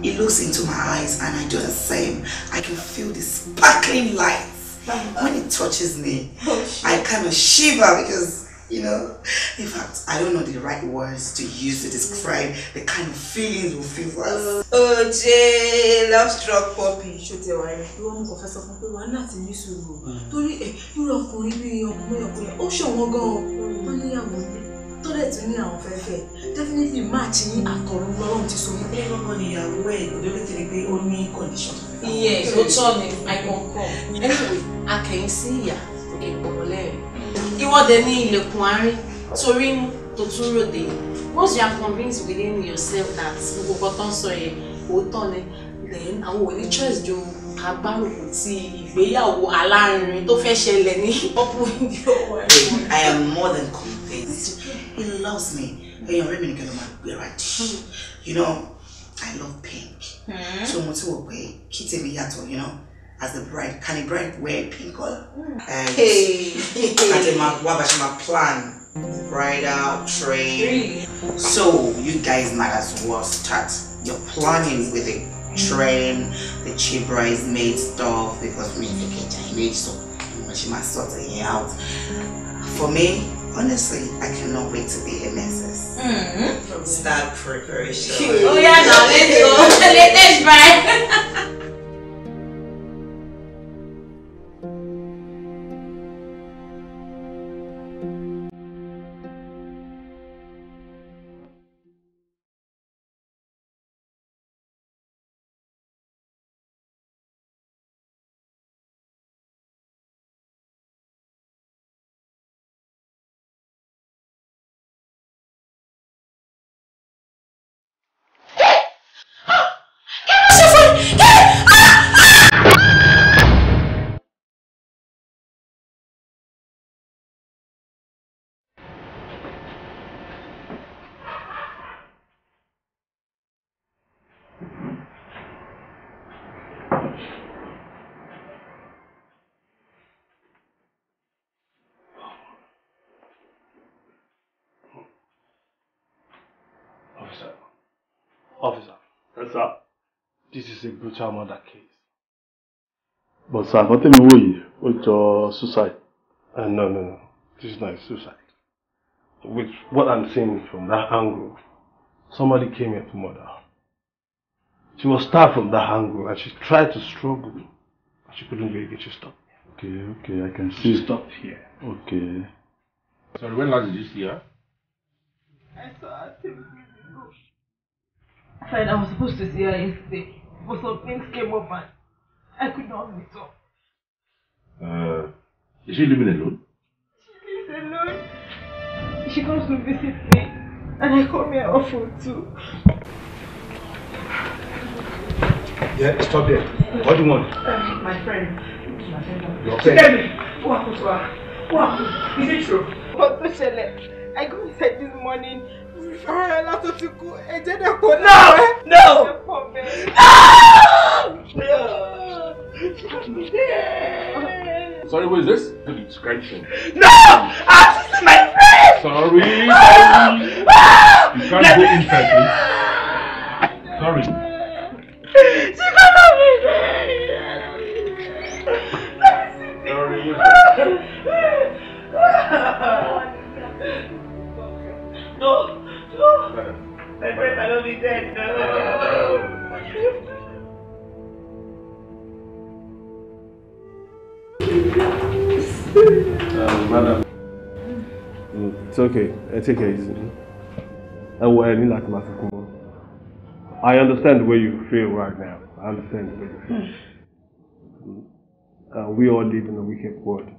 He looks into my eyes and I do the same. I can feel the sparkling lights uh-huh. when he touches me. Oh, I kind of shiver because, you know, in fact, I don't know the right words to use to describe mm. the kind of feelings we feel for us. Oh, Jay, love struck Poppy. Ṣòtẹ̀wá rẹ̀, ìwọ mú kọ̀fẹ́ sọ fún pé wàá náà ti ní sùúrù. Mm. Torí ẹ̀, eh, irú ọkùnrin bíi ọkùnrin ọkùnrin, ó ṣọ̀wọ́n gan-an. Mm. Wọ́n níyàwó ní dẹ̀ tún ní àwọn fẹ́fẹ́ definitely match ní àtọ̀run lọ́rùn ti so wípé. ẹnìkan ni ìyàwó ẹ̀ ló lè tẹ̀lé pé ó ní condition. iye tó tọ́ ni àìkọ̀kọ̀ anyway akẹ́yìn sí ìyá ìpọ̀lẹ́rìn ìwọ́de ní ilẹ̀kùn àárín torí tó tún ròde once you are convinced within yourself that gbogbo tó ń sọ yẹn òótọ́ ni then àwọn òní choice jo agbárùkù ti ìgbéyàwó alárinrin tó fẹ́ ṣẹlẹ̀ ní pọ́pù ìdí òwò. I am more than convinced. mistake. He loves me. Ẹ̀yin ọ̀rẹ́ mi nìkan ló máa gbéra dì. You know, I love pink. Hmm? So mo ti wò pé yàtọ̀, you know, as the bride, can a bride wear pink color? Hey. máa wá bá plan bridal train. So you guys might as well start your planning with the train, the cheap bridesmaid stuff because we educate image so she must sort it out. For me, Honestly, I cannot wait to be a nurse. Mm-hmm. Start preparation. oh yeah, now let's go. let's try. is a brutal murder case. But sir, what you we with your suicide? Uh, no, no, no. This is not a suicide. With what I'm seeing from that angle, somebody came here to murder. She was stabbed from that angle and she tried to struggle. But she couldn't really get you stopped. Okay, okay, I can see. She stopped here. Okay. Sorry, when last did you see her? I saw her two weeks ago. Friend, I was supposed to see her yesterday. But some things came up and I could not meet up. Uh, is she living alone? She lives alone. She comes to visit me and I call here awful too. Yeah, stop there. What do you want? Uh, my friend. My friend. Tell me. What happened to her? What happened? Is it true? But I go inside this morning no no no. sorry who is this. the no this is my friend. sorry you can't go inside please sorry. it's okay ẹ take it easy ẹ wọ ẹ ní láti máa fi I understand where you feel right now I understand where you feel hmm. uh, we all live in a wicked world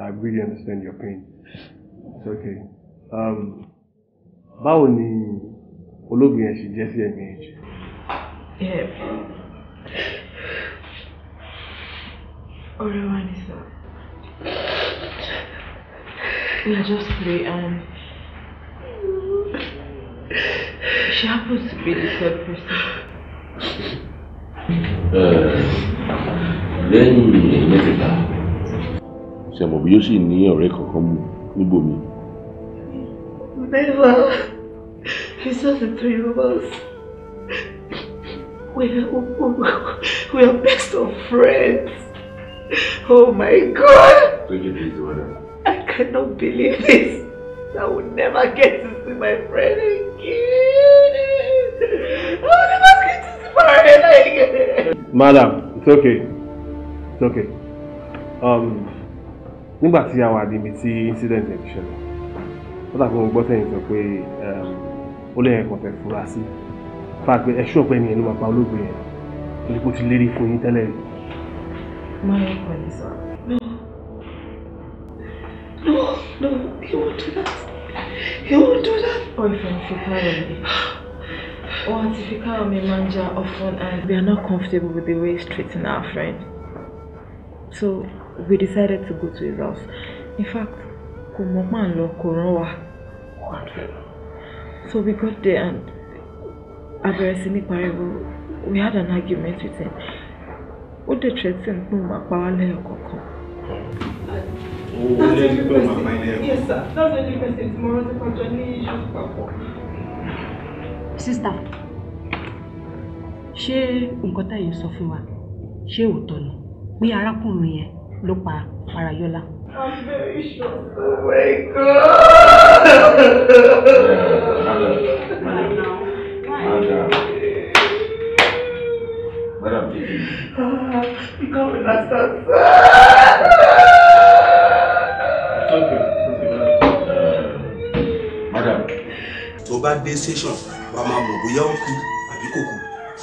I really understand your pain it's okay um, báwo ni olóògùn yẹn ṣe jẹ́ sí ẹ̀mí ẹ̀jẹ̀. ọ̀rẹ́ wa ni sọ. We are just three and she happens to be the third person. lẹ́yìn ẹ̀mẹ́tẹ̀ta ṣẹ̀mọ̀ bí ó sì ní ọ̀rẹ́ kankan mú níbòmí. Never. It's just the three of us. We are, we are best of friends. Oh my God. Take it easy, madam. I cannot believe this. I will never get to see my friend again. I will never get to see my friend again. Madam, it's okay. It's okay. Um, nígbà tí a wà níbi tí incident yẹn ti ṣẹlẹ̀ ó dàbí mo gbọ́ tẹ̀yìn sọ pé um, ó lè ẹ̀kọ́ fẹ́ fura sí fáà pé ẹṣú ọ̀pẹ ni ẹnu máa pa olóògbé yẹn torí pé ó ti lérí fún yín tẹ́lẹ̀ rí. máa ń kọ́ sọ̀rọ̀. No, no, he won't do that. He won't do that. Oh, if I'm Fikaromi. Or call me, manja, often and we are not comfortable with the way he's treating our friend. So we decided to go to his house. In fact, Kumoman lo Korowa. So we got there and Aberesini Paribu, we had an argument with him. What they power, Puma Pawale Okoko. owó lẹ́gbẹ̀ẹ́ máa máa ilé ẹ̀kọ́. yes sir that's the only person tí mo rántí kọjọ ní iṣu papọ̀. ṣé nǹkan táyé sọ fún wa ṣé òótọ́ ni pé arákùnrin yẹn ló pa farayọlá. I'm very sure. Oh my God! Madam, madam, madam. Madam, please. Ah, you can't understand. bá dé station wàá máa mọ̀ bóyá ó kú àbí kò kú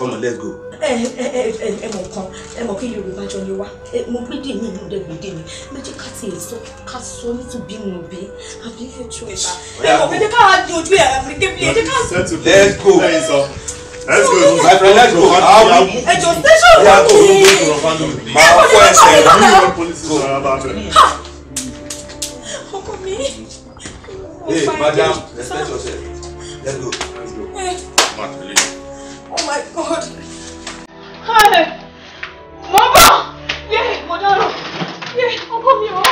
ọmọ let's go. ẹ ẹ ẹ ẹ mọ kan ẹ mọ kí yorùbá jọ ni wá mo gbédè mi mo dẹ gbédè mi méjì ká ti sọ ká sọ nítorí mo bẹ àbí ẹ jọ ẹ bá ẹ mọ pé ká wá di ojú ẹ àbíkébí ẹ jẹ ká sọ. let's go let's go my friend let's go how we move. ẹjọ station wa kí ẹ kò ní wọn kọ mi lọ́dọ̀. ọkọ mi. ee oh madam respect Let's go. Let's go. Hey. Eh. Oh my God. Hi. Mama. Yeah, mo Yeah, ọkọ mi o.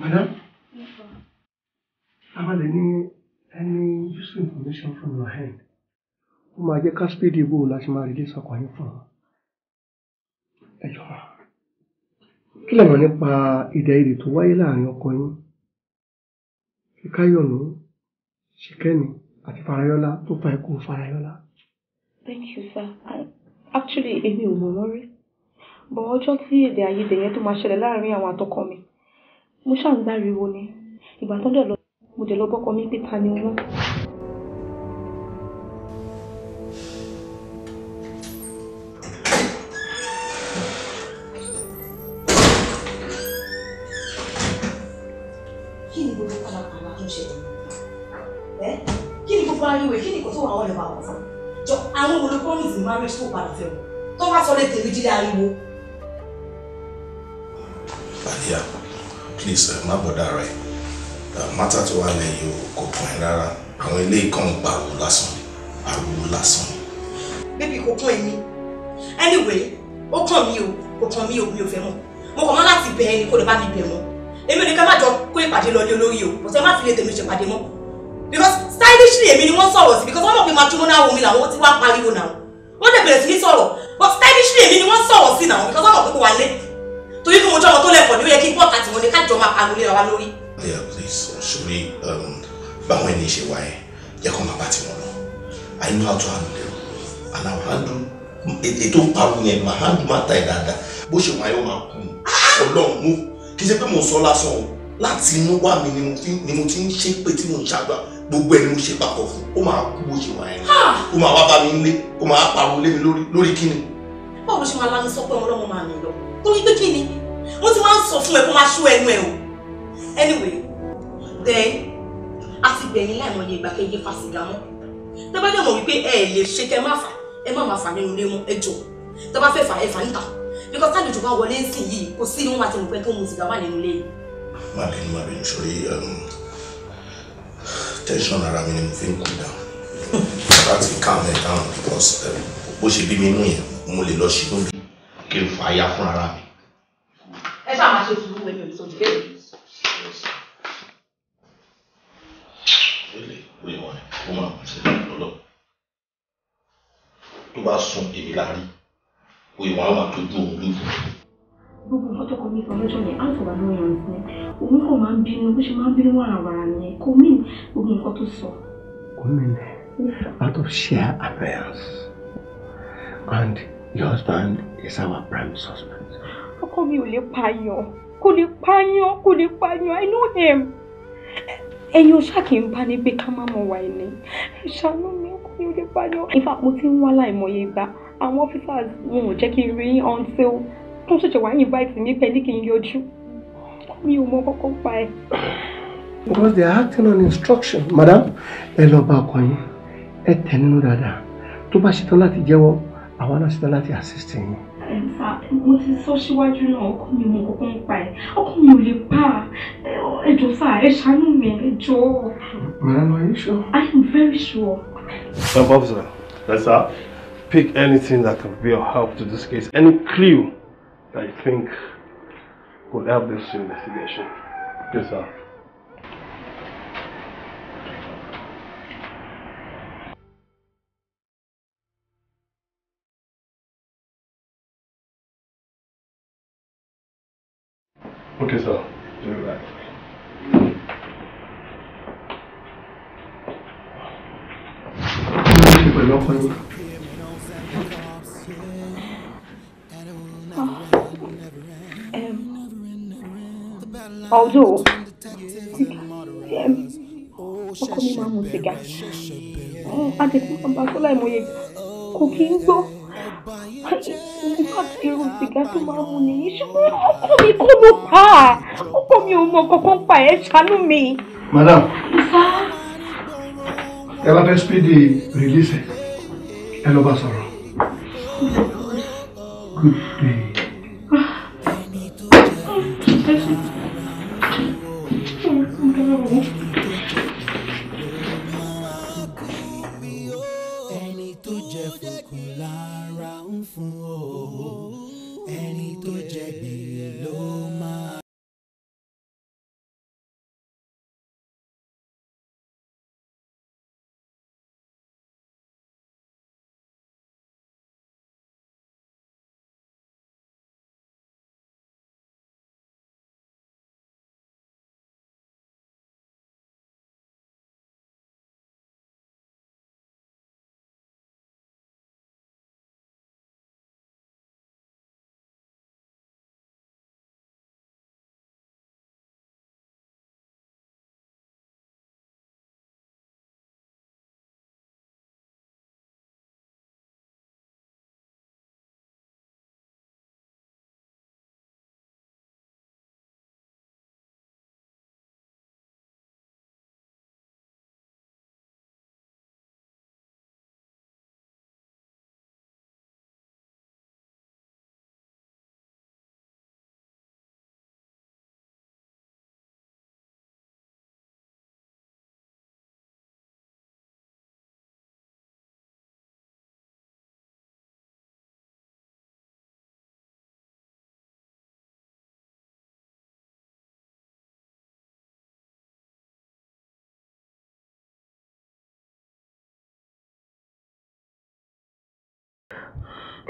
Madam. Yes, sir. I ní any useful information from your hand. Ó máa jẹ́ ká speed ìbò láti máa release ọkọ̀ yín fún ọ. Ẹ jọ̀ọ́ kí lẹ mọ̀ nípa èdèàìyedè tó wáyé láàrin ọkọ yín Fíkáyọ̀mí Ṣìkẹ́mi àti Farayọ́lá tó fa ikú Farayọ́lá. thank you sir I, actually èmi ò mọ̀ wọ́n rí bọ̀ ọjọ́ tí èdèàìyedè yẹn tó máa ṣẹlẹ̀ láàrin àwọn àtọkọ mi mo ṣàǹgbáriwo ni ìgbà tó dẹ̀ lọ mo dẹ̀ lọ bọ́kọ mi pé ta ni wọ́n. marriage tó padà fẹ́ wọn tó bá sọ lè tèmi dídá ariwo. Maria, please má bọ̀dá rẹ̀ mátà tó wà lẹ́yìn o kò kàn ẹ́ rárá àwọn ilé ìkànnì pariwo lásán ni pariwo lásán ni. Bébí kò kún ẹ̀mí anyway ó kàn mí o kò kàn mí o mi ò fẹ́ mọ̀ mo kàn mọ́ láti bẹ̀ ẹni kó lè bá mi bẹ̀ mọ́ èmi ò ní ká má jọ kó ìpàdé lọ ní olórí o kò sẹ́ má fi lè tèmi ṣèpàdé mọ́ because stylishly èmi ni wọ́n sọ̀rọ̀ sí because wọ́n mọ̀ pé matrimonial women làwọn ti wá pariwo náà wọ́n lè bẹ̀rẹ̀ sí ní sọ̀rọ̀ but stylishly èmi ni wọ́n sọ̀rọ̀ sí náà because ọmọ pípọ̀ wà lé torí pé mo jọ́ ọmọ tó lẹ́kọ̀ọ́ ni ó yẹ kí pọ́ọ̀tà tí mo ní kájọ máa pariwo léra wa lórí. yeah please sori um, báwọn ẹni ṣe wáyé jẹ́ kó máa bá tiwọn lọ i know how to handle them and i will handle ètò ìparun yẹn My handle matter ẹ̀ dáadáa bó ṣe wáyé ó máa kú ọlọ́run move. kì í ṣe pé mo sọ lásán o láti inú wá mi ni mo ti ń ṣépè tí mo ń ṣàgbà gbogbo ẹni mo ṣe papọ̀ fún ó máa kú bó ṣe wà ẹ́ ó máa wá bá mi nílé ó máa pariwo lé mi lórí lórí kíni. báwo ló ṣe máa lanu sọ pé ọlọ́mọ máa mi lọ torí pé kíni wọ́n ti máa ń sọ fún ẹ kó máa ṣú ẹnu ẹ o anyway then a ti bẹ̀yìn láìmọye ìgbà kẹyẹ fásigá mọ́ tẹ́ bá dẹ̀ mọ̀ wípé ẹ lè ṣe kẹ́ má fà ẹ má máa fà nínú ilé mọ́ ẹ jọ tẹ́ bá fẹ́ fà ẹ fà níta because táwọn ìjọba wọlé ń sìn yìí kò sí ní wọn àti mọ̀pẹ́ tó mu sìgá wà nínú ilé yìí. má bínú má bínú sórí um, tension ara mi ni mo fi ń cool down láti calm me down because eh, bó ṣe bí mi inú yẹn mo lè lọ ṣinú mi kí n fà á yá fún ara mi. ẹ ṣáà máa ṣe sùúrù ẹ̀mí mi sọ̀tún kéde. ó máa bù sílẹ̀ lọ́lọ́ tó bá sún èmi láàrín òye wọn á máa tójú òun lójú gbogbo nǹkan tó kọ mí sọ lọ́jọ́ yẹn out of annoyance ni òun kò máa ń bínú bó ṣe máa ń bínú wàràwàrà nìyẹn kò mí gbogbo nǹkan tó sọ. kò out of sheer annoyance and your husband is our prime suspect. ọkọ mi ò lè pààyàn kò lè pààyàn kò lè pààyàn I know him ẹ̀yin ò ṣáà kì í bá ní pé ká má mọ̀ wà ní ìṣàánú mi ọkọ mi ò lè pààyàn. in fact mo ti ń wá láìmọye ìgbà àwọn officers wọn ò jẹ́ kí n rí until tó ṣẹ̀ṣẹ̀ wá invite mi pẹ̀lú kí n yọjú mi ò mọ kọ́kọ́ pa ẹ̀. because they are acting on instruction madam ẹ lọ bá ọkọ yín ẹ tẹ nínú dáadáa tó bá ṣetán láti jẹ́wọ́ àwa náà ṣetán láti assist yín. mo ti sọ síwájú náà ọkọ mi mọ kọ́kọ́ pa ẹ̀ ọkọ mi ò lè pa ẹ jọ̀ọ́ sá ẹ ṣàánú mi ẹ jọ̀ọ́. madam are you sure. i am very sure. Sub officer, yes sir. Pick anything that can be of help to this case. Any clue I think could help this investigation. Yes, sir. Okay, sir. Very right. Thank you for your although ọkọ mi máa ń mu sìgá àdìsíkàmbá tó láìmọye kò kí ń gbọ́ nígbàtí irú sìgá tó máa ń mu nìyí ṣùgbọ́n ọkọ mi kọ́ ló pa á ọkọ mi ò mọ kankan pa ẹ̀ ṣàánú mi. madam ẹ bá fẹ́ spidi release ẹ lọ bá sọ̀rọ̀ good day.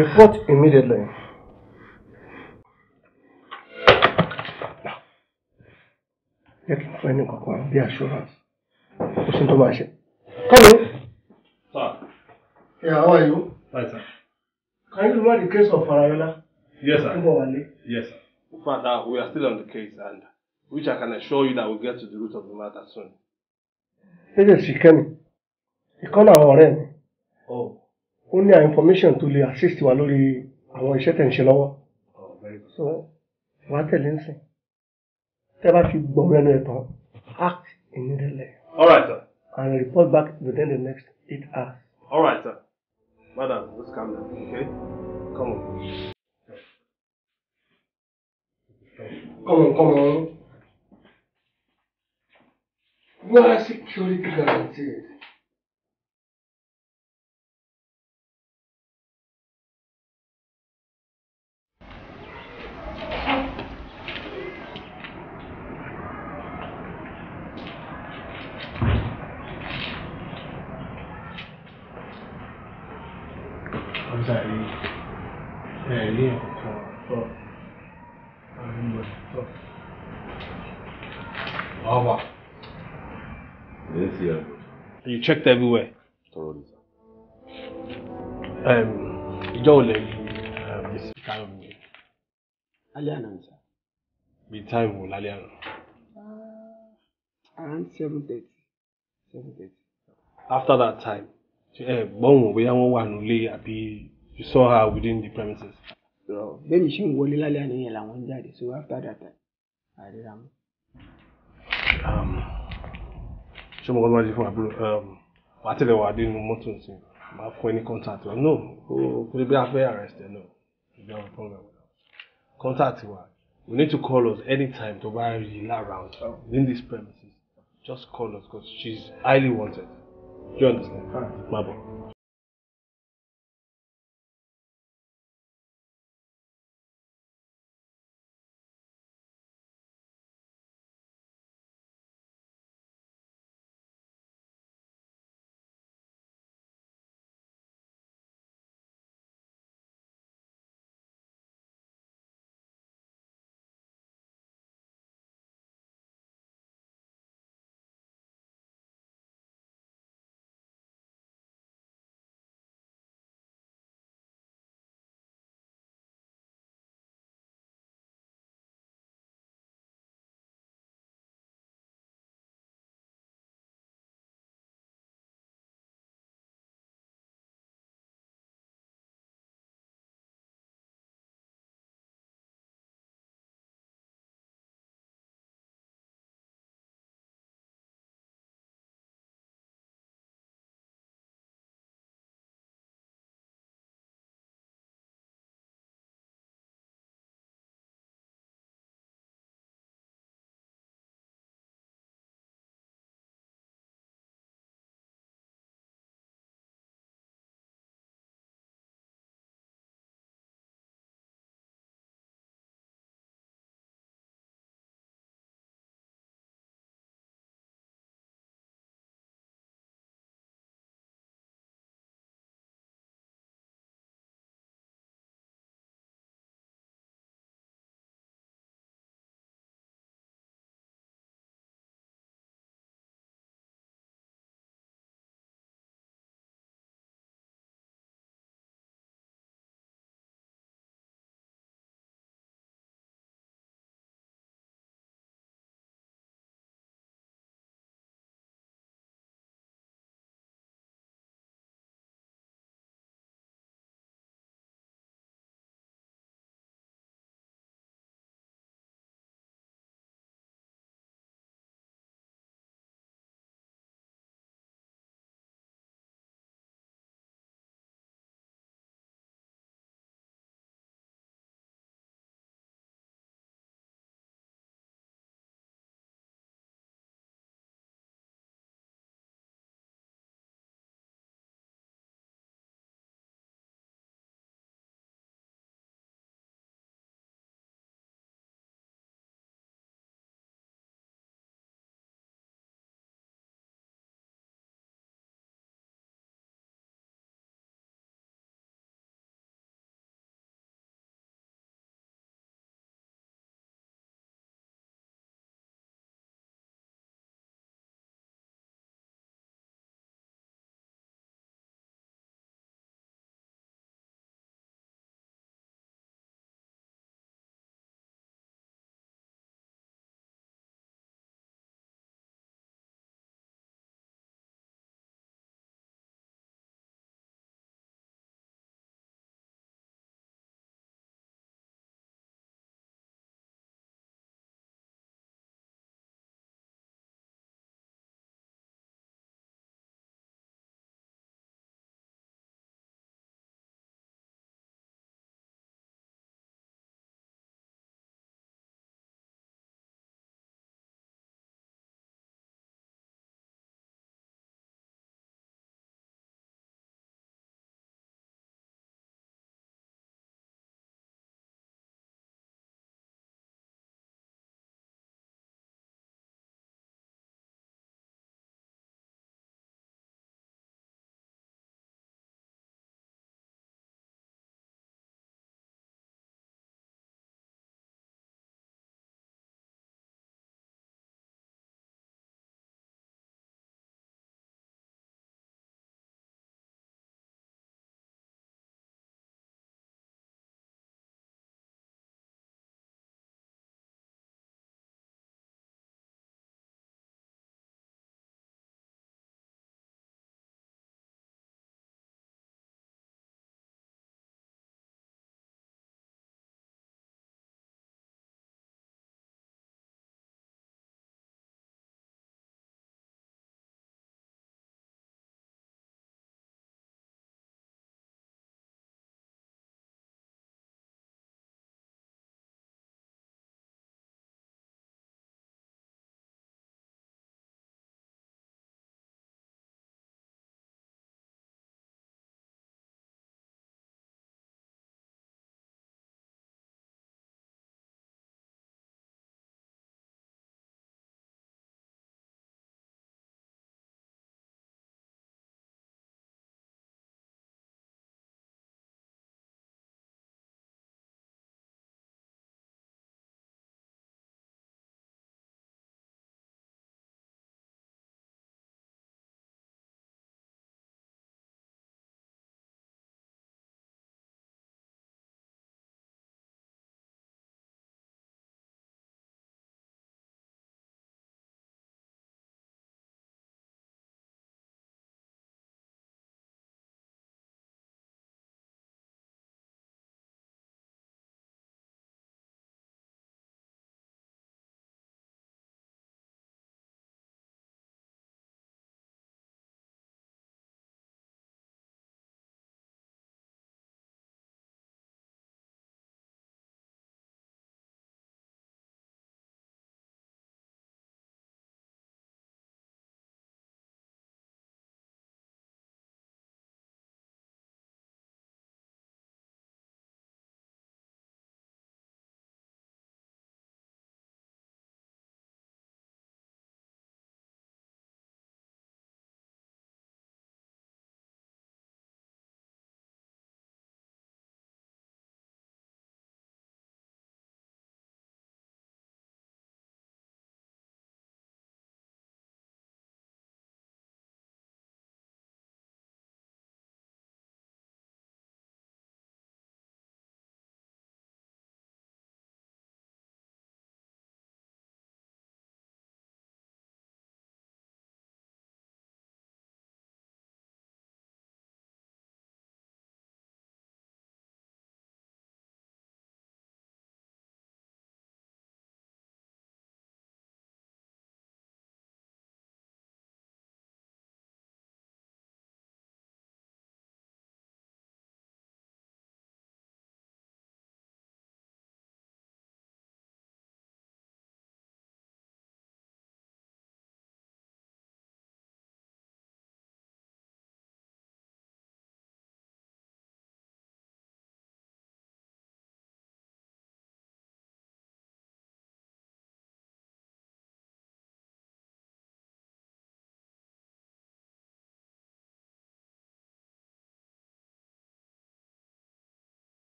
Report immediately. Yẹ kí n fún ẹni kankan bí assurance. Kò sí ní tó máa ṣe. Sir. Yeah, how are you? Fine, sir. Can you remember the case of Farayola? Yes, sir. Kimberly? Yes, sir. Father, we are still on the case and which I can assure you that we'll get to the root of the matter soon. Ṣé ṣe ṣìkẹ́ ni? Ìkọ́nà àwọn Oh ó ní àwọn information tó lè assist wa lórí àwọn iṣẹ́ tẹ̀ ń ṣe lọ́wọ́ oh, so wàá tẹ̀lé nsìn tẹ́ bá fi gbọ̀n ẹnu ẹ̀ tán act immediately. sir. and report back within the next eight hours. all right sir. madam let's calm down okay come on. come on come on. you are security guarantee. látàrí ẹ̀rí ọ̀kan ọ̀tọ̀ àríwọ̀ ọ̀tọ̀. Ọwà. Yes, yeah. You checked everywhere. Thoroughly, Um, you don't lè rí Mr. Kayomi. Alẹ́ àná ni sir. Bí táìmù wò lálẹ́ àná? Ah, around seven days. Seven days. After that time, ṣe ẹ̀ gbọ́n wò bóyá wọ́n wà nílé àbí. You saw her within the premises. Bẹ́ẹ̀ni ṣì ń wọlé lálẹ́ àná yẹn làwọn ń jáde so after that time I did mọ́. Ṣé mo kọ́ máa ṣe fún àbúrò? Wàá um, tẹ̀lé wàá dé inú mọ́tò sí máa fún ẹ ní contact wa. No, kò lè bí a fẹ́ arrest ẹ náà. Ìgbà wọn problem. Contact wa. We need to call us anytime tó bá rí i around within these premises. Just call us because she's highly wanted. Do you understand? Má bọ̀.